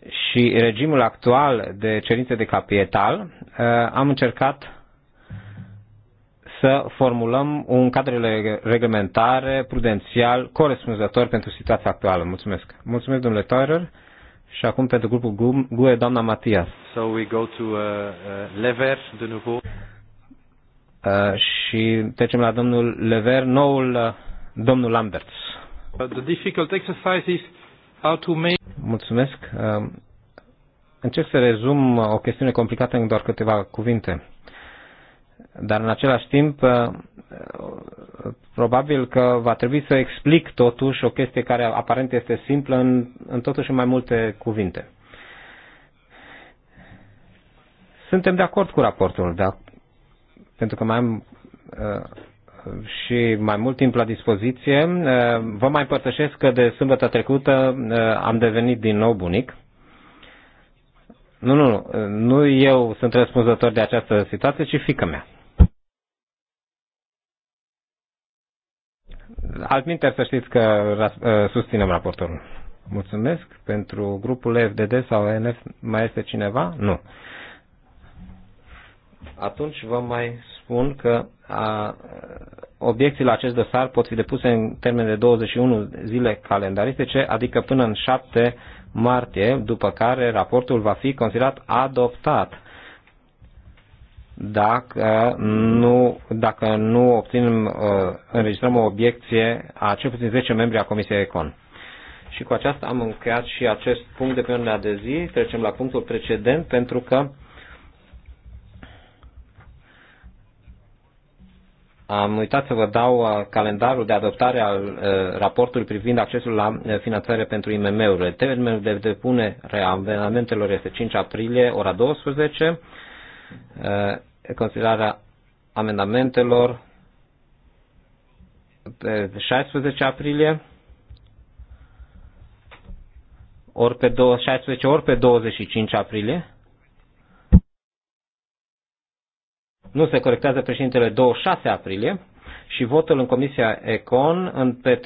și regimul actual de cerințe de capital, am încercat să formulăm un cadru reglementar prudențial corespunzător pentru situația actuală. Mulțumesc. Mulțumesc, domnule Teurer. Și acum pentru grupul GUE, doamna Matias. So we go to uh, uh, Lever, de nouveau. Uh, și trecem la domnul Lever, noul uh, domnul Lambert. the difficult exercise is how to make... Mulțumesc. Uh, încerc să rezum uh, o chestiune complicată în doar câteva cuvinte dar în același timp uh, probabil că va trebui să explic totuși o chestie care aparent este simplă în, în totuși mai multe cuvinte. Suntem de acord cu raportul, dar pentru că mai am uh, și mai mult timp la dispoziție, uh, vă mai împărtășesc că de sâmbătă trecută am devenit din nou bunic nu, nu, nu eu sunt răspunzător de această situație, ci fică mea. Altminte, să știți că ă, susținem raportul. Mulțumesc. Pentru grupul FDD sau NF mai este cineva? Nu. Atunci vă mai spun că a, obiecțiile acest dosar pot fi depuse în termen de 21 zile calendaristice, adică până în 7 martie, după care raportul va fi considerat adoptat dacă nu, dacă nu obținem, uh, înregistrăm o obiecție a cel puțin 10 membri a Comisiei Econ. Și cu aceasta am încheiat și acest punct de pe ordinea de zi. Trecem la punctul precedent pentru că Am uitat să vă dau uh, calendarul de adoptare al uh, raportului privind accesul la uh, finanțare pentru IMM-urile. Termenul de depunere a amendamentelor este 5 aprilie, ora 12. Considerarea amendamentelor pe 16 aprilie ori pe 16 ori pe 25 aprilie nu se corectează președintele 26 aprilie și votul în Comisia Econ în pe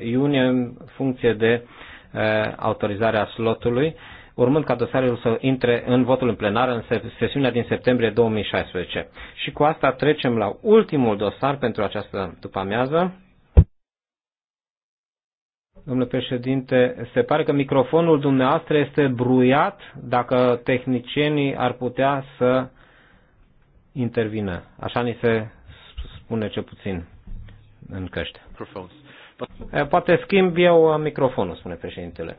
13-14 iunie în funcție de uh, autorizarea slotului, urmând ca dosarul să intre în votul în plenar în sesiunea din septembrie 2016. Și cu asta trecem la ultimul dosar pentru această după-amiază. Domnule președinte, se pare că microfonul dumneavoastră este bruiat, dacă tehnicienii ar putea să intervine. Așa ni se spune ce puțin în căști. Poate schimb eu microfonul, spune președintele.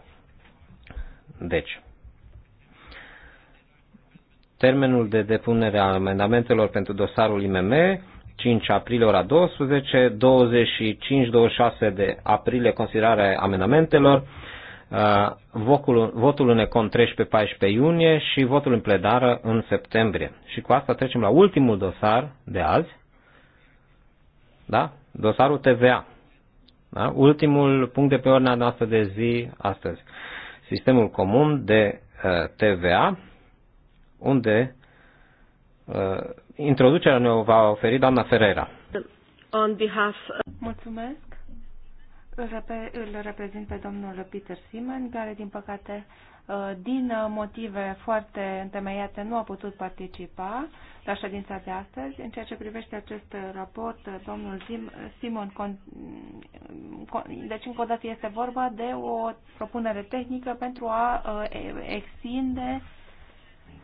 Deci, termenul de depunere a amendamentelor pentru dosarul IMM 5 aprilie ora 12, 25-26 de aprilie considerarea amendamentelor, Uh, votul, votul în Econ 13-14 iunie și votul în pledară în septembrie. Și cu asta trecem la ultimul dosar de azi, da? dosarul TVA. Da? Ultimul punct de pe ordinea noastră de zi astăzi. Sistemul comun de uh, TVA, unde uh, introducerea ne va oferi doamna Ferreira. On behalf... Mulțumesc îl reprezint pe domnul Peter Simon, care din păcate uh, din motive foarte întemeiate nu a putut participa la ședința de astăzi. În ceea ce privește acest raport, domnul Simon, deci încă o dată este vorba de o propunere tehnică pentru a uh, extinde,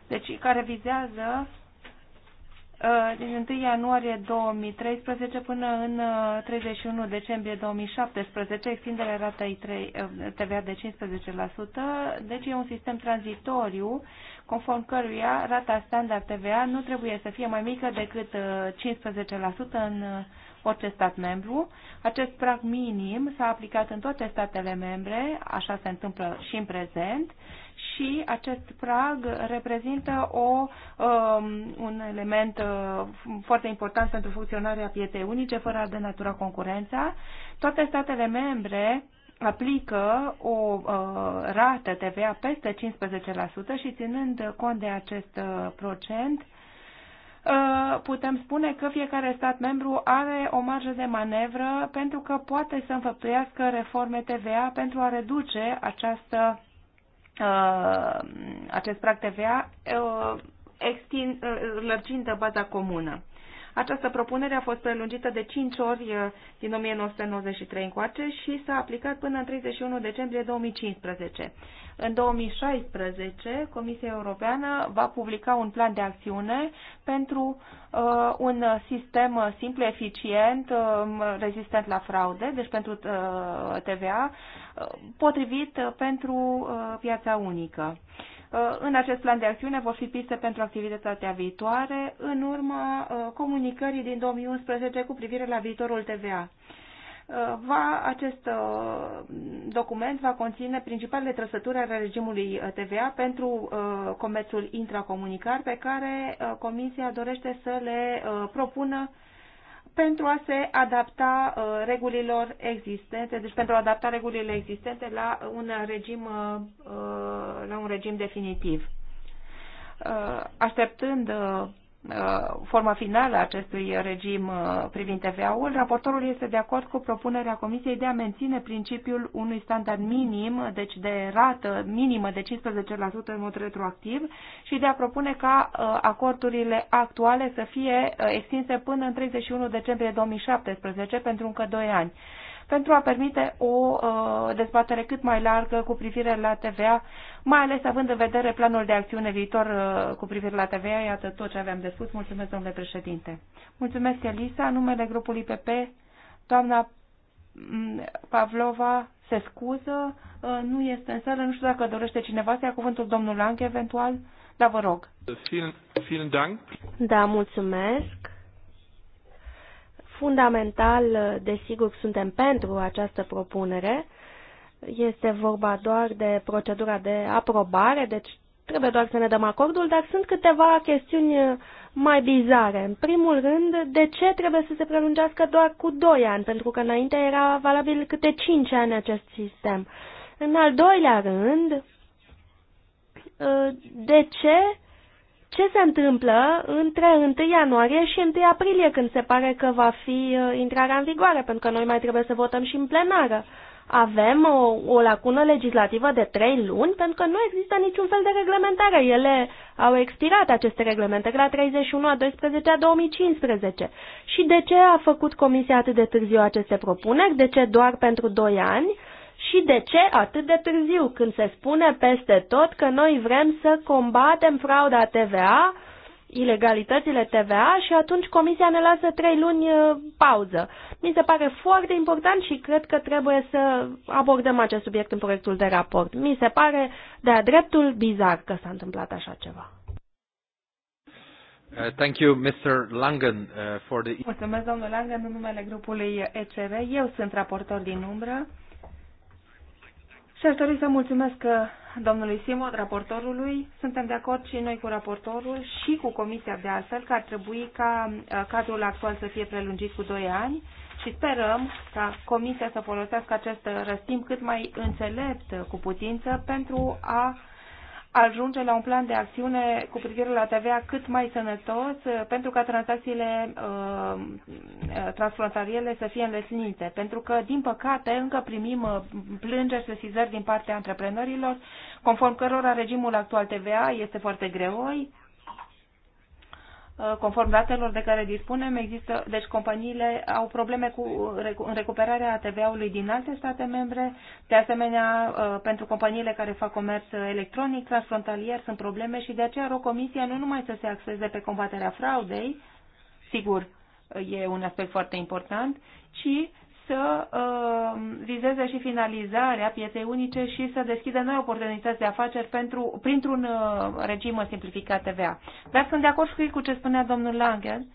deci care vizează Uh, din 1 ianuarie 2013 până în 31 uh, decembrie 2017, extinderea ratei uh, TVA de 15%, deci e un sistem tranzitoriu conform căruia rata standard TVA nu trebuie să fie mai mică decât 15% în orice stat membru. Acest prag minim s-a aplicat în toate statele membre, așa se întâmplă și în prezent, și acest prag reprezintă o, um, un element uh, foarte important pentru funcționarea pieței unice, fără a denatura concurența. Toate statele membre aplică o uh, rată TVA peste 15% și ținând cont de acest uh, procent, uh, Uh, putem spune că fiecare stat membru are o marjă de manevră pentru că poate să înfăptuiască reforme TVA pentru a reduce această, uh, acest prag TVA uh, extind, lărgind baza comună. Această propunere a fost prelungită de 5 ori uh, din 1993 încoace și s-a aplicat până în 31 decembrie 2015. În 2016, Comisia Europeană va publica un plan de acțiune pentru uh, un sistem simplu, eficient, uh, rezistent la fraude, deci pentru uh, TVA, uh, potrivit pentru uh, piața unică. Uh, Uh, în acest plan de acțiune vor fi piste pentru activitatea viitoare, în urma uh, comunicării din 2011 cu privire la viitorul TVA. Uh, va, acest document va conține principalele trăsături ale regimului TVA pentru comerțul intracomunicar pe care Comisia dorește să le propună pentru a se adapta uh, regulilor existente, deci pentru a adapta regulile existente la un regim, uh, uh, la un regim definitiv. Așteptând Uh, forma finală a acestui regim uh, privind TVA-ul, raportorul este de acord cu propunerea Comisiei de a menține principiul unui standard minim, deci de rată minimă de 15% în mod retroactiv și de a propune ca uh, acordurile actuale să fie extinse până în 31 decembrie 2017 pentru încă 2 ani pentru a permite o uh, dezbatere cât mai largă cu privire la TVA, mai ales având în vedere planul de acțiune viitor uh, cu privire la TVA. Iată tot ce aveam de spus. Mulțumesc, domnule președinte. Mulțumesc, Elisa. Numele grupului PP, doamna mm, Pavlova se scuză, uh, nu este în sală, nu știu dacă dorește cineva să ia cuvântul domnul Lang eventual, dar vă rog. Da, mulțumesc. Fundamental, desigur, suntem pentru această propunere. Este vorba doar de procedura de aprobare, deci trebuie doar să ne dăm acordul, dar sunt câteva chestiuni mai bizare. În primul rând, de ce trebuie să se prelungească doar cu 2 ani? Pentru că înainte era valabil câte 5 ani acest sistem. În al doilea rând, de ce ce se întâmplă între 1 ianuarie și 1 aprilie, când se pare că va fi uh, intrarea în vigoare, pentru că noi mai trebuie să votăm și în plenară. Avem o, o lacună legislativă de trei luni pentru că nu există niciun fel de reglementare. Ele au expirat aceste reglementări la 31 a 12 a 2015. Și de ce a făcut Comisia atât de târziu aceste propuneri? De ce doar pentru doi ani? Și de ce atât de târziu, când se spune peste tot că noi vrem să combatem frauda TVA, ilegalitățile TVA și atunci Comisia ne lasă trei luni uh, pauză. Mi se pare foarte important și cred că trebuie să abordăm acest subiect în proiectul de raport. Mi se pare de-a dreptul bizar că s-a întâmplat așa ceva. Uh, thank you, Mr. Langen, uh, for the... Mulțumesc, domnul Langen, în numele grupului ECR. Eu sunt raportor din umbră. Și aș dori să mulțumesc uh, domnului Simon, raportorului. Suntem de acord și noi cu raportorul și cu comisia de altfel că ar trebui ca uh, cadrul actual să fie prelungit cu 2 ani și sperăm ca comisia să folosească acest răstimp cât mai înțelept uh, cu putință pentru a ajunge la un plan de acțiune cu privire la TVA cât mai sănătos uh, pentru ca tranzacțiile uh, uh, transfrontaliere să fie înlesnite. Pentru că, din păcate, încă primim uh, plângeri, sesizări din partea antreprenorilor, conform cărora regimul actual TVA este foarte greoi, Uh, conform datelor de care dispunem, există, deci companiile au probleme cu recuperarea TVA-ului din alte state membre. De asemenea, uh, pentru companiile care fac comerț electronic, transfrontalier, sunt probleme și de aceea rog Comisia nu numai să se axeze pe combaterea fraudei, sigur, uh, e un aspect foarte important, ci să uh, vizeze și finalizarea pieței unice și să deschidă noi oportunități de afaceri pentru, printr-un uh, regim simplificat TVA. Dar sunt de acord și cu ce spunea domnul Langel.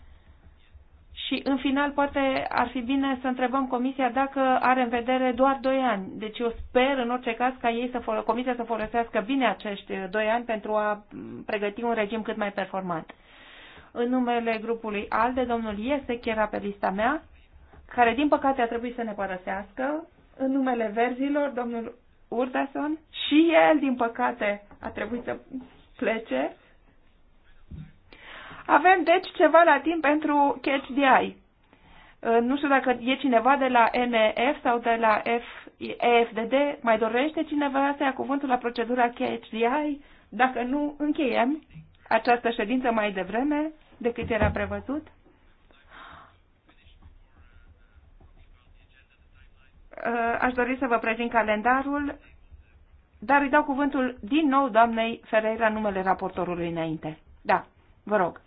Și în final poate ar fi bine să întrebăm Comisia dacă are în vedere doar 2 ani. Deci eu sper în orice caz ca ei să fol- Comisia să folosească bine acești 2 uh, ani pentru a mm, pregăti un regim cât mai performant. În numele grupului ALDE, domnul Iese, chiar pe lista mea, care din păcate a trebuit să ne părăsească în numele verzilor, domnul Urdason, și el din păcate a trebuit să plece. Avem deci ceva la timp pentru Catch the Eye. Ă, nu știu dacă e cineva de la Nef sau de la F, EFDD. Mai dorește cineva să ia cuvântul la procedura Catch the Eye? Dacă nu, încheiem această ședință mai devreme decât era prevăzut. Uh, aș dori să vă prezint calendarul, dar îi dau cuvântul din nou doamnei Ferreira numele raportorului înainte. Da, vă rog.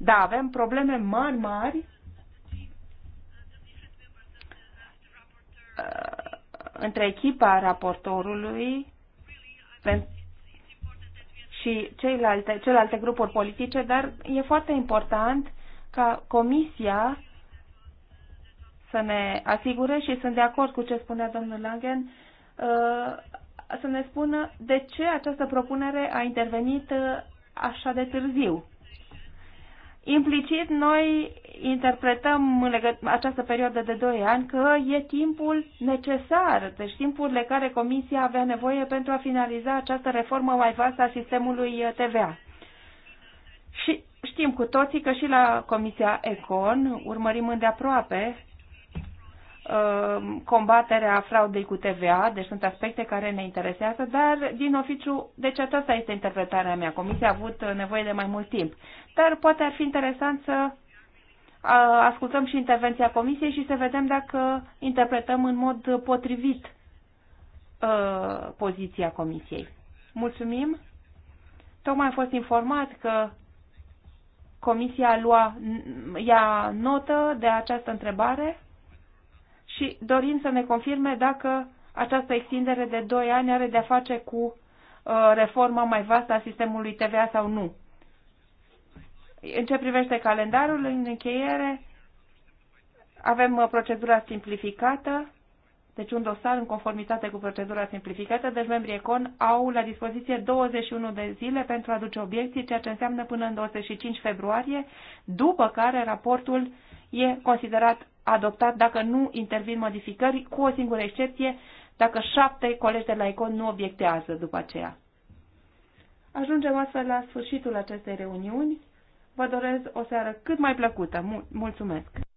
Da, avem probleme mari, mari Uh, între echipa raportorului și ceilalte, celelalte grupuri politice, dar e foarte important ca Comisia să ne asigure și sunt de acord cu ce spunea domnul Langen, uh, să ne spună de ce această propunere a intervenit uh, așa de târziu. Implicit, noi interpretăm în această perioadă de 2 ani că e timpul necesar, deci timpul de care Comisia avea nevoie pentru a finaliza această reformă mai vastă a sistemului TVA. Și știm cu toții că și la Comisia Econ urmărim îndeaproape uh, combaterea fraudei cu TVA, deci sunt aspecte care ne interesează, dar din oficiu, deci aceasta este interpretarea mea. Comisia a avut nevoie de mai mult timp. Dar poate ar fi interesant să ascultăm și intervenția Comisiei și să vedem dacă interpretăm în mod potrivit poziția Comisiei. Mulțumim! Tocmai am fost informat că Comisia lua, ia notă de această întrebare și dorim să ne confirme dacă această extindere de 2 ani are de-a face cu reforma mai vastă a sistemului TVA sau nu. În ce privește calendarul, în încheiere, avem uh, procedura simplificată, deci un dosar în conformitate cu procedura simplificată, deci membrii ECON au la dispoziție 21 de zile pentru a aduce obiecții, ceea ce înseamnă până în 25 februarie, după care raportul e considerat adoptat dacă nu intervin modificări, cu o singură excepție, dacă șapte colegi de la ECON nu obiectează după aceea. Ajungem astfel la sfârșitul acestei reuniuni. Vă doresc o seară cât mai plăcută. Mulțumesc!